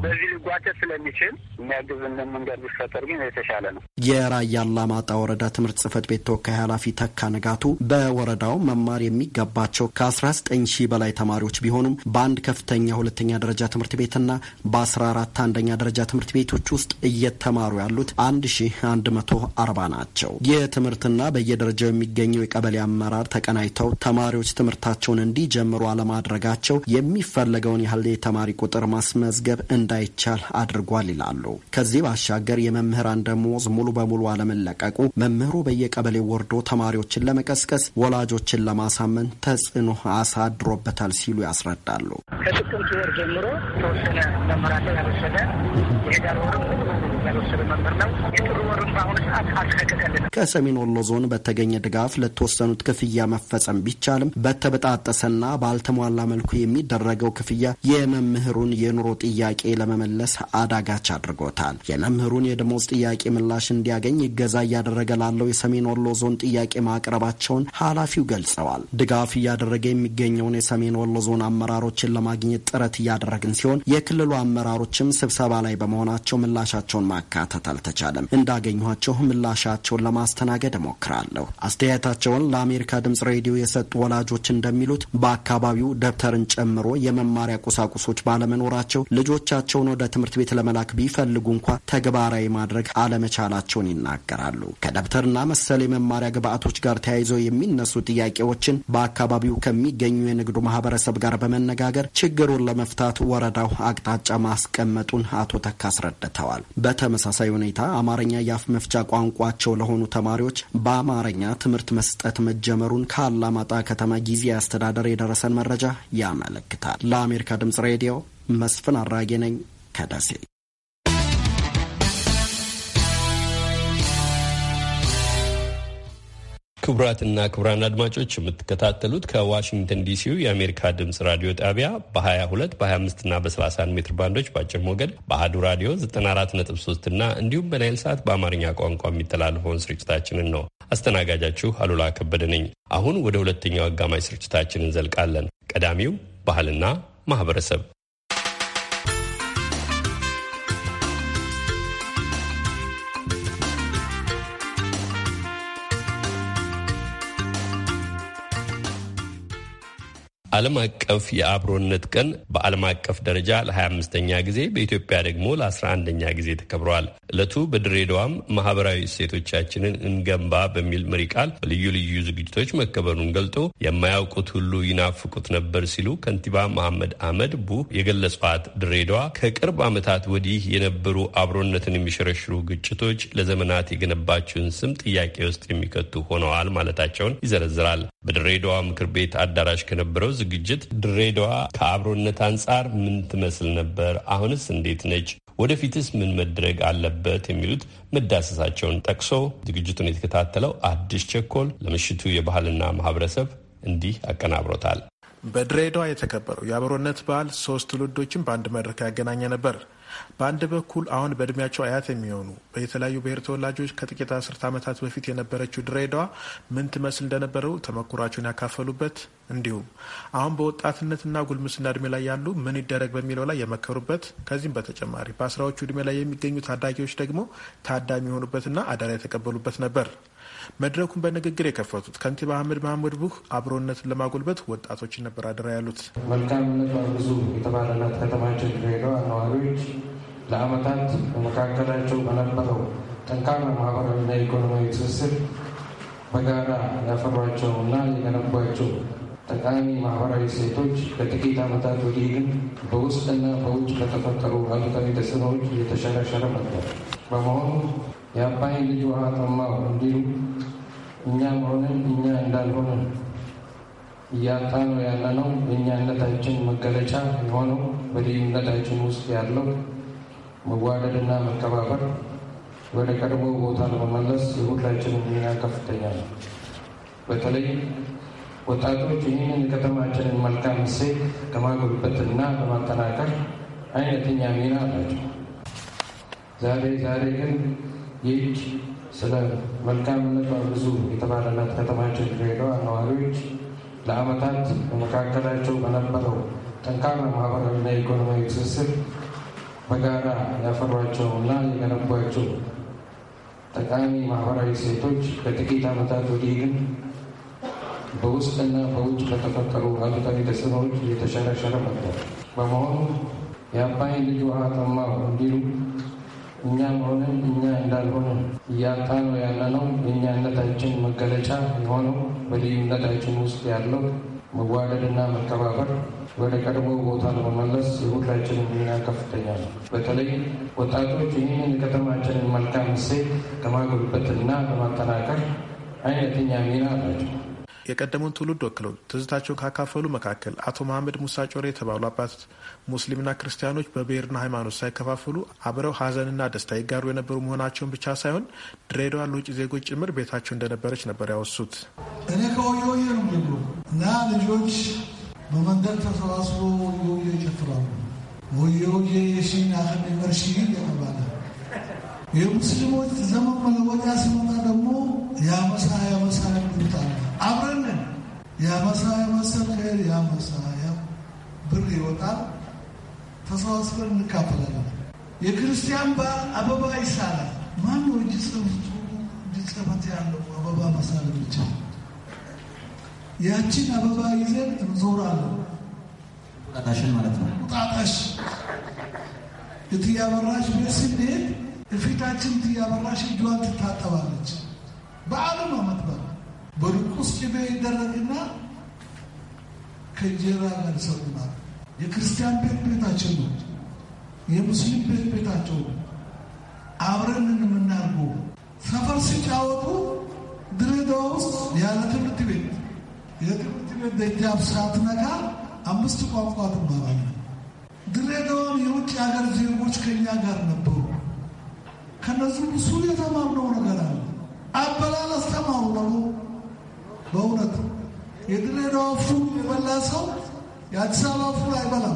P: በዚህ ሊጓተት ስለሚችል የሚያግዙን መንገድ ቢፈጠር ግን የተሻለ ነው።
O: የራያ አላማጣ ወረዳ ትምህርት ጽህፈት ቤት ተወካይ ኃላፊ ተካ ንጋቱ በወረዳው መማር የሚገባቸው ከ19 ሺህ በላይ ተማሪዎች ቢሆኑም በአንድ ከፍተኛ ሁለተኛ ደረጃ ትምህርት ቤትና በ14 አንደኛ ደረጃ ደረጃ ትምህርት ቤቶች ውስጥ እየተማሩ ያሉት 1140 ናቸው። የትምህርትና በየደረጃው የሚገኘው የቀበሌ አመራር ተቀናጅተው ተማሪዎች ትምህርታቸውን እንዲጀምሩ አለማድረጋቸው የሚፈለገውን ያህል የተማሪ ቁጥር ማስመዝገብ እንዳይቻል አድርጓል ይላሉ። ከዚህ ባሻገር የመምህራን ደሞዝ ሙሉ በሙሉ አለመለቀቁ መምህሩ በየቀበሌው ወርዶ ተማሪዎችን ለመቀስቀስ፣ ወላጆችን ለማሳመን ተጽዕኖ አሳድሮበታል ሲሉ ያስረዳሉ።
N: ከጥቅምት ወር ጀምሮ ተወሰነ መምህራን ላይ ያልወሰደ Obrigado.
O: ከሰሜን ወሎ ዞን በተገኘ ድጋፍ ለተወሰኑት ክፍያ መፈጸም ቢቻልም በተበጣጠሰና ባልተሟላ መልኩ የሚደረገው ክፍያ የመምህሩን የኑሮ ጥያቄ ለመመለስ አዳጋች አድርጎታል። የመምህሩን የደሞዝ ጥያቄ ምላሽ እንዲያገኝ ይገዛ እያደረገ ላለው የሰሜን ወሎ ዞን ጥያቄ ማቅረባቸውን ኃላፊው ገልጸዋል። ድጋፍ እያደረገ የሚገኘውን የሰሜን ወሎ ዞን አመራሮችን ለማግኘት ጥረት እያደረግን ሲሆን የክልሉ አመራሮችም ስብሰባ ላይ በመሆናቸው ምላሻቸውን ማካተት አልተቻለም። እንዳገኘኋቸው ምላሻቸውን ለማስተናገድ እሞክራለሁ። አስተያየታቸውን ለአሜሪካ ድምጽ ሬዲዮ የሰጡ ወላጆች እንደሚሉት በአካባቢው ደብተርን ጨምሮ የመማሪያ ቁሳቁሶች ባለመኖራቸው ልጆቻቸውን ወደ ትምህርት ቤት ለመላክ ቢፈልጉ እንኳ ተግባራዊ ማድረግ አለመቻላቸውን ይናገራሉ። ከደብተርና መሰል የመማሪያ ግብዓቶች ጋር ተያይዘው የሚነሱ ጥያቄዎችን በአካባቢው ከሚገኙ የንግዱ ማህበረሰብ ጋር በመነጋገር ችግሩን ለመፍታት ወረዳው አቅጣጫ ማስቀመጡን አቶ ተካ አስረድተዋል። በተመሳሳይ ሁኔታ አማርኛ የአፍ መፍቻ ቋንቋቸው ለሆኑ ተማሪዎች በአማርኛ ትምህርት መስጠት መጀመሩን ከአላማጣ ከተማ ጊዜ አስተዳደር የደረሰን መረጃ ያመለክታል። ለአሜሪካ ድምጽ ሬዲዮ መስፍን አራጌ ነኝ ከደሴ።
B: ክቡራትና ክቡራን አድማጮች የምትከታተሉት ከዋሽንግተን ዲሲው የአሜሪካ ድምፅ ራዲዮ ጣቢያ በ22 በ25 እና በ31 ሜትር ባንዶች በአጭር ሞገድ በአህዱ ራዲዮ 943 እና እንዲሁም በናይል ሰዓት በአማርኛ ቋንቋ የሚተላለፈውን ስርጭታችንን ነው። አስተናጋጃችሁ አሉላ ከበደ ነኝ። አሁን ወደ ሁለተኛው አጋማሽ ስርጭታችን እንዘልቃለን። ቀዳሚው ባህልና ማህበረሰብ ዓለም አቀፍ የአብሮነት ቀን በዓለም አቀፍ ደረጃ ለ25ኛ ጊዜ በኢትዮጵያ ደግሞ ለ11ኛ ጊዜ ተከብሯል። ዕለቱ በድሬዳዋም ማህበራዊ እሴቶቻችንን እንገንባ በሚል መሪ ቃል በልዩ ልዩ ዝግጅቶች መከበሩን ገልጦ የማያውቁት ሁሉ ይናፍቁት ነበር ሲሉ ከንቲባ መሐመድ አህመድ ቡ የገለጿት ድሬዳዋ ከቅርብ ዓመታት ወዲህ የነበሩ አብሮነትን የሚሸረሽሩ ግጭቶች ለዘመናት የገነባችውን ስም ጥያቄ ውስጥ የሚከቱ ሆነዋል ማለታቸውን ይዘረዝራል። በድሬዳዋ ምክር ቤት አዳራሽ ከነበረው ዝግጅት ድሬዳዋ ከአብሮነት አንጻር ምን ትመስል ነበር? አሁንስ እንዴት ነች? ወደፊትስ ምን መድረግ አለበት? የሚሉት መዳሰሳቸውን ጠቅሶ ዝግጅቱን የተከታተለው አዲስ ቸኮል ለምሽቱ የባህልና ማህበረሰብ እንዲህ አቀናብሮታል።
G: በድሬዳዋ የተከበረው የአብሮነት በዓል ሶስት ትውልዶችን በአንድ መድረክ ያገናኘ ነበር። በአንድ በኩል አሁን በእድሜያቸው አያት የሚሆኑ የተለያዩ ብሔር ተወላጆች ከጥቂት አስርት ዓመታት በፊት የነበረችው ድሬዳዋ ምን ትመስል እንደነበረው ተመኩራቸውን ያካፈሉበት እንዲሁም አሁን በወጣትነትና ጉልምስና እድሜ ላይ ያሉ ምን ይደረግ በሚለው ላይ የመከሩበት ከዚህም በተጨማሪ በአስራዎቹ እድሜ ላይ የሚገኙ ታዳጊዎች ደግሞ ታዳሚ የሆኑበትና አደራ የተቀበሉበት ነበር። መድረኩን በንግግር የከፈቱት ከንቲባ አህመድ ማህሙድ ቡህ አብሮነትን ለማጎልበት ወጣቶችን ነበር አደራ ያሉት።
Q: መልካምነቷ ብዙ የተባለላት ከተማችን ድሬዳዋ ነዋሪዎች ለአመታት በመካከላቸው በነበረው ጠንካራ ማህበራዊና ኢኮኖሚያዊ ትስስር በጋራ ያፈሯቸው እና የገነቧቸው ጠቃሚ ማህበራዊ ሴቶች ከጥቂት ዓመታት ወዲህ ግን በውስጥና በውጭ ከተፈጠሩ አሉታዊ ተጽዕኖዎች እየተሸረሸረ መጥቷል። በመሆኑ የአባይ ልጅ ውሃ ጠማው እንዲሉ እኛም ሆነን እኛ እንዳልሆነን እያጣ ነው ያለነው። የእኛነታችን መገለጫ የሆነው በልዩነታችን ውስጥ ያለው መዋደድና መከባበር ወደ ቀድሞ ቦታ ለመመለስ የሁላችንም ሚና ከፍተኛ ነው። በተለይ ወጣቶች ይህንን የከተማችንን መልካም እሴት ለማጎልበትና ለማጠናከር አይነተኛ ሚና አላቸው። ዛሬ ዛሬ ግን ይህች ስለ መልካምነቷ ብዙ የተባለላት ከተማችን ድሬዳዋ ነዋሪዎች ለአመታት በመካከላቸው በነበረው ጠንካራ ማህበራዊና ኢኮኖሚያዊ ትስስር በጋራ ያፈሯቸውና የገነቧቸው ጠቃሚ ማህበራዊ ሴቶች ከጥቂት ዓመታት ወዲህ ግን በውስጥና በውጭ ከተፈጠሩ አሉታዊ ተጽዕኖዎች እየተሸረሸረ መጥቷል። በመሆኑ የአባይ ልጅ ውሃ ጠማው እንዲሉ እኛም ሆነን እኛ እንዳልሆነ እያጣ ነው ያለነው። የእኛነታችን መገለጫ የሆነው በልዩነታችን ውስጥ ያለው መዋደድና መከባበር ወደ ቀድሞ ቦታ ለመመለስ የሁላችን ሚና ከፍተኛ ነው። በተለይ
G: ወጣቶች ይህንን የከተማችንን መልካም እሴት ለማጎልበትና ለማጠናከር አይነተኛ ሚና አላቸው። የቀደሙን ትውልድ ወክለው ትዝታቸው ካካፈሉ መካከል አቶ መሐመድ ሙሳ ጮሬ የተባሉ አባት ሙስሊምና ክርስቲያኖች በብሔርና ሃይማኖት ሳይከፋፍሉ አብረው ሀዘንና ደስታ ይጋሩ የነበሩ መሆናቸውን ብቻ ሳይሆን ድሬዳዋ ለውጭ ዜጎች ጭምር ቤታቸው እንደነበረች ነበር ያወሱት።
J: እኔ ከወየወየ ነው ጀምሮ እና ልጆች በመንገድ ተሰባስቦ ወየወየ ይጨፍራሉ። ወየወየ የሽን አህል መርሽ ያባለ የሙስሊሞች ዘመን መለወጫ ሲመጣ ደግሞ ያመሳ ያመሳ የሚሉታል አብረንን ያመሳ ያመሳ ያመሳ ብር ይወጣል ተሰባስበን እንካፈላለን። የክርስቲያን በዓል አበባ ይሳላል። ማን ነው እጅ ጽሑፍ እጅ ጽሕፈት ያለው አበባ መሳል ብቻ? ያችን አበባ ይዘን እንዞራለን።
O: ቁጣጣሽን ማለት ነው።
J: ጣጣሽ እትያበራሽ ቤት ስንሄድ እፊታችን እትያበራሽ እጇን ትታጠባለች። በዓለም አመት በዓል በድቁስ ቅቤ ይደረግና ከእንጀራ ጋር ይሰሩናል። የክርስቲያን ቤት ቤታችን ነው። የሙስሊም ቤት ቤታቸው አብረን የምናርጉ ሰፈር ሲጫወቱ ድሬዳዋ ውስጥ ያለ ትምህርት ቤት የትምህርት ቤት ደጃፍ ሳትነካ አምስት ቋንቋ ትማራለህ። ድሬዳዋም የውጭ ሀገር ዜጎች ከኛ ጋር ነበሩ። ከነዚህ ብዙ የተማርነው ነገር አለ። አበላለስ ተማሩ ነው በእውነት የድሬዳዋ ፉ የበላ ሰው የአዲስ አበባ ፉል አይበላም።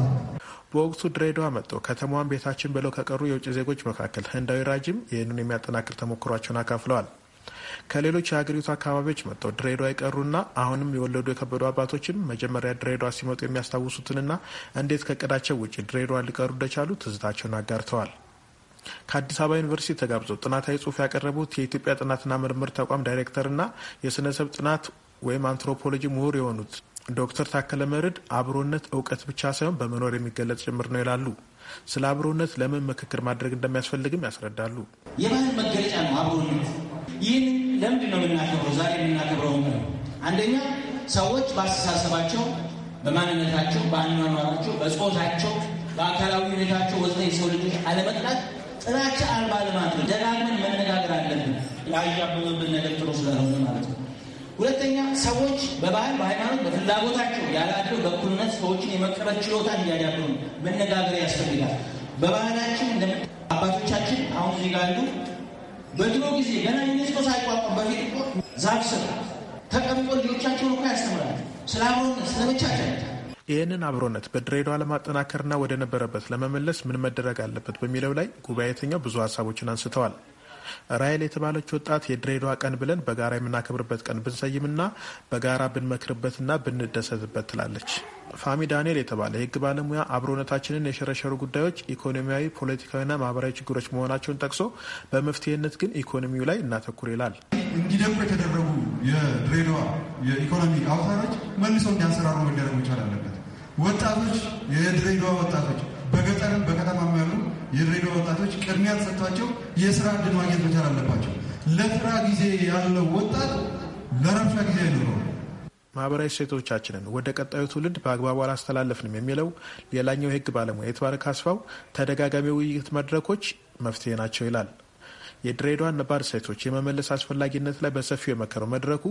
G: በወቅቱ ድሬዳዋ መጡ ከተማዋን ቤታችን ብለው ከቀሩ የውጭ ዜጎች መካከል ህንዳዊ ራጅም ይህንን የሚያጠናክር ተሞክሯቸውን አካፍለዋል። ከሌሎች የሀገሪቱ አካባቢዎች መጥተው ድሬዳዋ የቀሩና አሁንም የወለዱ የከበዱ አባቶችም መጀመሪያ ድሬዳዋ ሲመጡ የሚያስታውሱትንና እንዴት ከቅዳቸው ውጭ ድሬዳዋ ሊቀሩ እንደቻሉ ትዝታቸውን አጋርተዋል። ከአዲስ አበባ ዩኒቨርሲቲ ተጋብዞ ጥናታዊ ጽሑፍ ያቀረቡት የኢትዮጵያ ጥናትና ምርምር ተቋም ዳይሬክተርና የስነሰብ ጥናት ወይም አንትሮፖሎጂ ምሁር የሆኑት ዶክተር ታከለ መርድ አብሮነት እውቀት ብቻ ሳይሆን በመኖር የሚገለጽ ጭምር ነው ይላሉ። ስለ አብሮነት ለምን ምክክር ማድረግ እንደሚያስፈልግም ያስረዳሉ።
O: የባህል መገለጫ ነው አብሮነት። ይህን ለምንድን ነው የምናከብረው? ዛሬ የምናከብረው ነው አንደኛ ሰዎች በአስተሳሰባቸው፣ በማንነታቸው፣ በአኗኗራቸው፣ በጾታቸው፣ በአካላዊ ሁኔታቸው ወዘተ የሰው ልጆች አለመጥላት ጥላቻ አልባ ለማድረግ ደጋግመን መነጋገር አለብን። ያዣበበብን ነገር ጥሩ ስለሆነ ማለት ነው። ሁለተኛ ሰዎች በባህል በሃይማኖት፣ በፍላጎታቸው ያላቸው አድሎ በእኩልነት ሰዎችን የመቀበል ችሎታ እንዲያዳብሩ መነጋገር ያስፈልጋል። በባህላችን አባቶቻችን አሁን ዜጋ ያሉ በድሮ ጊዜ ገና ዩኔስኮ ሳይቋቋም በፊት
A: እኮ ዛፍ ስር ተቀምጦ ልጆቻቸውን እኮ ያስተምራል ስለ አብሮነት ስለመቻቻል
G: ይህንን አብሮነት በድሬዳዋ ለማጠናከርና ወደ ነበረበት ለመመለስ ምን መደረግ አለበት በሚለው ላይ ጉባኤተኛው ብዙ ሀሳቦችን አንስተዋል። ራይል የተባለች ወጣት የድሬዳዋ ቀን ብለን በጋራ የምናከብርበት ቀን ብንሰይምና በጋራ ብንመክርበትና ብንደሰትበት ትላለች። ፋሚ ዳንኤል የተባለ የህግ ባለሙያ አብሮነታችንን የሸረሸሩ ጉዳዮች ኢኮኖሚያዊ፣ ፖለቲካዊና ማህበራዊ ችግሮች መሆናቸውን ጠቅሶ በመፍትሄነት ግን ኢኮኖሚው ላይ እናተኩር ይላል። እንዲደቁ
J: የተደረጉ የድሬዳዋ የኢኮኖሚ አውታሮች መልሶ እንዲያንሰራሩ መደረግ መቻል አለበት። ወጣቶች የድሬዳዋ ወጣቶች በገጠርም በከተማ የድሬዳዋ ወጣቶች ቅድሚያ ተሰጥቷቸው የስራ እድል ማግኘት መቻል አለባቸው። ለስራ ጊዜ ያለው ወጣት ለረብሻ ጊዜ
G: አይኖረው። ማህበራዊ እሴቶቻችንን ወደ ቀጣዩ ትውልድ በአግባቡ አላስተላለፍንም የሚለው ሌላኛው የህግ ባለሙያ የተባረከ አስፋው ተደጋጋሚ ውይይት መድረኮች መፍትሄ ናቸው ይላል። የድሬዳዋን ነባር ሴቶች የመመለስ አስፈላጊነት ላይ በሰፊው የመከረው መድረኩ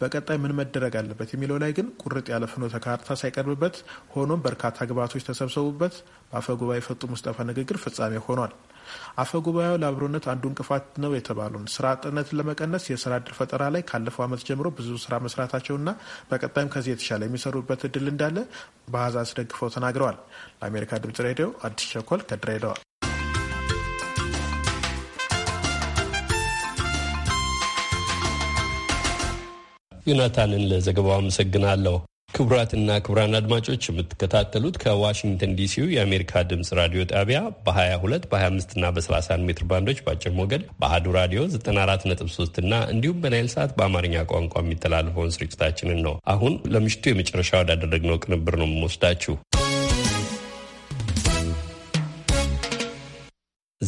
G: በቀጣይ ምን መደረግ አለበት የሚለው ላይ ግን ቁርጥ ያለ ፍኖተ ካርታ ሳይቀርብበት፣ ሆኖም በርካታ ግብዓቶች ተሰብሰቡበት በአፈ ጉባኤ የፈጡ ሙስጠፋ ንግግር ፍጻሜ ሆኗል። አፈ ጉባኤው ለአብሮነት አንዱ እንቅፋት ነው የተባሉን ስራ አጥነትን ለመቀነስ የስራ እድል ፈጠራ ላይ ካለፈው ዓመት ጀምሮ ብዙ ስራ መስራታቸውና በቀጣይም ከዚህ የተሻለ የሚሰሩበት እድል እንዳለ በአሃዝ አስደግፈው ተናግረዋል። ለአሜሪካ ድምጽ ሬዲዮ አዲስ ቸኮል ከድሬዳዋ
B: ዮናታንን ለዘገባው አመሰግናለሁ። ክቡራትና ክቡራን አድማጮች የምትከታተሉት ከዋሽንግተን ዲሲው የአሜሪካ ድምፅ ራዲዮ ጣቢያ በ22 በ25ና በ31 ሜትር ባንዶች በአጭር ሞገድ በአህዱ ራዲዮ 94.3 እና እንዲሁም በናይል ሰዓት በአማርኛ ቋንቋ የሚተላለፈውን ስርጭታችንን ነው። አሁን ለምሽቱ የመጨረሻ ወዳደረግነው ቅንብር ነው የምወስዳችሁ።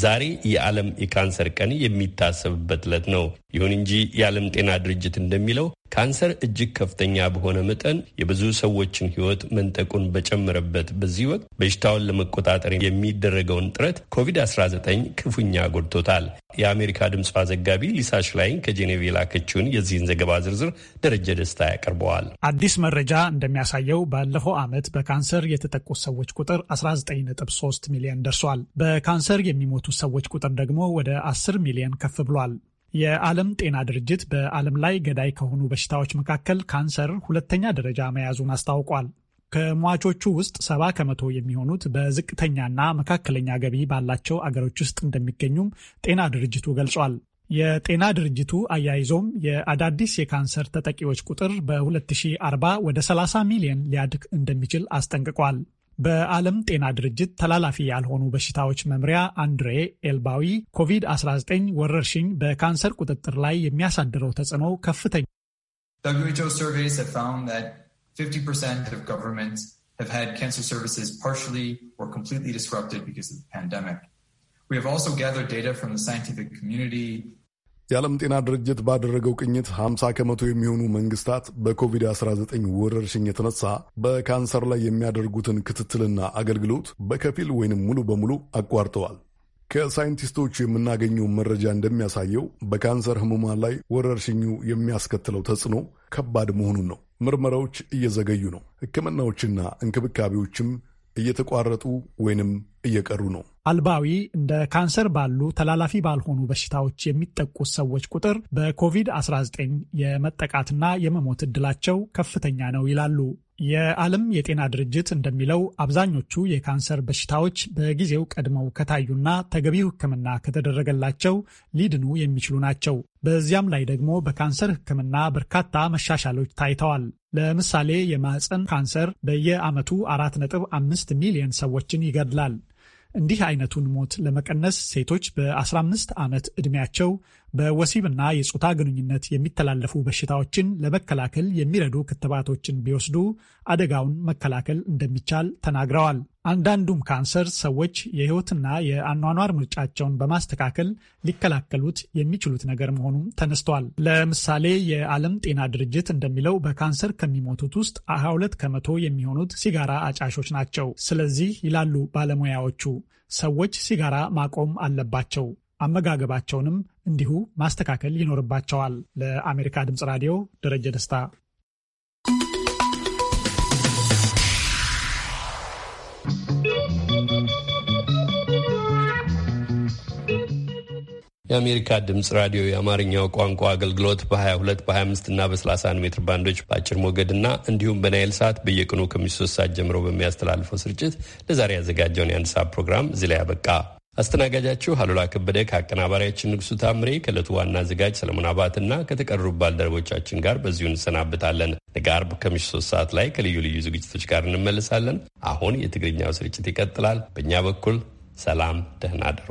B: ዛሬ የዓለም የካንሰር ቀን የሚታሰብበት ዕለት ነው። ይሁን እንጂ የዓለም ጤና ድርጅት እንደሚለው ካንሰር እጅግ ከፍተኛ በሆነ መጠን የብዙ ሰዎችን ሕይወት መንጠቁን በጨመረበት በዚህ ወቅት በሽታውን ለመቆጣጠር የሚደረገውን ጥረት ኮቪድ-19 ክፉኛ ጎድቶታል። የአሜሪካ ድምፅ ዘጋቢ ሊሳ ሽላይን ከጄኔቭ የላከችውን የዚህን ዘገባ ዝርዝር ደረጀ ደስታ ያቀርበዋል።
R: አዲስ መረጃ እንደሚያሳየው ባለፈው ዓመት በካንሰር የተጠቁ ሰዎች ቁጥር 19.3 ሚሊዮን ደርሷል። በካንሰር የሚሞቱት ሰዎች ቁጥር ደግሞ ወደ 10 ሚሊዮን ከፍ ብሏል። የዓለም ጤና ድርጅት በዓለም ላይ ገዳይ ከሆኑ በሽታዎች መካከል ካንሰር ሁለተኛ ደረጃ መያዙን አስታውቋል። ከሟቾቹ ውስጥ ሰባ ከመቶ የሚሆኑት በዝቅተኛና መካከለኛ ገቢ ባላቸው አገሮች ውስጥ እንደሚገኙም ጤና ድርጅቱ ገልጿል። የጤና ድርጅቱ አያይዞም የአዳዲስ የካንሰር ተጠቂዎች ቁጥር በ2040 ወደ 30 ሚሊዮን ሊያድግ እንደሚችል አስጠንቅቋል። በዓለም ጤና ድርጅት ተላላፊ ያልሆኑ በሽታዎች መምሪያ አንድሬ ኤልባዊ ኮቪድ-19 ወረርሽኝ በካንሰር ቁጥጥር ላይ የሚያሳድረው ተጽዕኖ ከፍተኛ
C: 50% of governments have had cancer services partially or completely disrupted because of the pandemic. We have also gathered data from the scientific community.
K: የዓለም ጤና ድርጅት ባደረገው ቅኝት 50 ከመቶ የሚሆኑ መንግስታት በኮቪድ-19 ወረርሽኝ የተነሳ በካንሰር ላይ የሚያደርጉትን ክትትልና አገልግሎት በከፊል ወይንም ሙሉ በሙሉ አቋርጠዋል። ከሳይንቲስቶቹ የምናገኘው መረጃ እንደሚያሳየው በካንሰር ህሙማን ላይ ወረርሽኙ የሚያስከትለው ተጽዕኖ ከባድ መሆኑን ነው። ምርመራዎች እየዘገዩ ነው። ሕክምናዎችና እንክብካቤዎችም እየተቋረጡ ወይንም እየቀሩ ነው።
R: አልባዊ እንደ ካንሰር ባሉ ተላላፊ ባልሆኑ በሽታዎች የሚጠቁት ሰዎች ቁጥር በኮቪድ-19 የመጠቃትና የመሞት ዕድላቸው ከፍተኛ ነው ይላሉ። የዓለም የጤና ድርጅት እንደሚለው አብዛኞቹ የካንሰር በሽታዎች በጊዜው ቀድመው ከታዩና ተገቢው ሕክምና ከተደረገላቸው ሊድኑ የሚችሉ ናቸው። በዚያም ላይ ደግሞ በካንሰር ሕክምና በርካታ መሻሻሎች ታይተዋል። ለምሳሌ የማዕፀን ካንሰር በየዓመቱ 4.5 ሚሊዮን ሰዎችን ይገድላል። እንዲህ አይነቱን ሞት ለመቀነስ ሴቶች በ15 ዓመት ዕድሜያቸው በወሲብና የጾታ ግንኙነት የሚተላለፉ በሽታዎችን ለመከላከል የሚረዱ ክትባቶችን ቢወስዱ አደጋውን መከላከል እንደሚቻል ተናግረዋል። አንዳንዱም ካንሰር ሰዎች የሕይወትና የአኗኗር ምርጫቸውን በማስተካከል ሊከላከሉት የሚችሉት ነገር መሆኑም ተነስቷል። ለምሳሌ የዓለም ጤና ድርጅት እንደሚለው በካንሰር ከሚሞቱት ውስጥ 22 ከመቶ የሚሆኑት ሲጋራ አጫሾች ናቸው። ስለዚህ ይላሉ ባለሙያዎቹ ሰዎች ሲጋራ ማቆም አለባቸው። አመጋገባቸውንም እንዲሁ ማስተካከል ይኖርባቸዋል። ለአሜሪካ ድምፅ ራዲዮ ደረጀ ደስታ።
B: የአሜሪካ ድምፅ ራዲዮ የአማርኛው ቋንቋ አገልግሎት በ22 በ25 እና በ31 ሜትር ባንዶች በአጭር ሞገድና እንዲሁም በናይል ሰዓት በየቀኑ ከምሽቱ ሰዓት ጀምሮ በሚያስተላልፈው ስርጭት ለዛሬ ያዘጋጀውን የአንድ ሰዓት ፕሮግራም እዚህ ላይ ያበቃ። አስተናጋጃችሁ አሉላ ከበደ ከአቀናባሪያችን ንጉሱ ታምሬ ከእለቱ ዋና አዘጋጅ ሰለሞን አባትና ከተቀሩ ባልደረቦቻችን ጋር በዚሁ እንሰናብታለን። ነገ አርብ ከምሽቱ ሶስት ሰዓት ላይ ከልዩ ልዩ ዝግጅቶች ጋር እንመልሳለን። አሁን የትግርኛው ስርጭት ይቀጥላል። በእኛ በኩል ሰላም፣ ደህና አደሩ።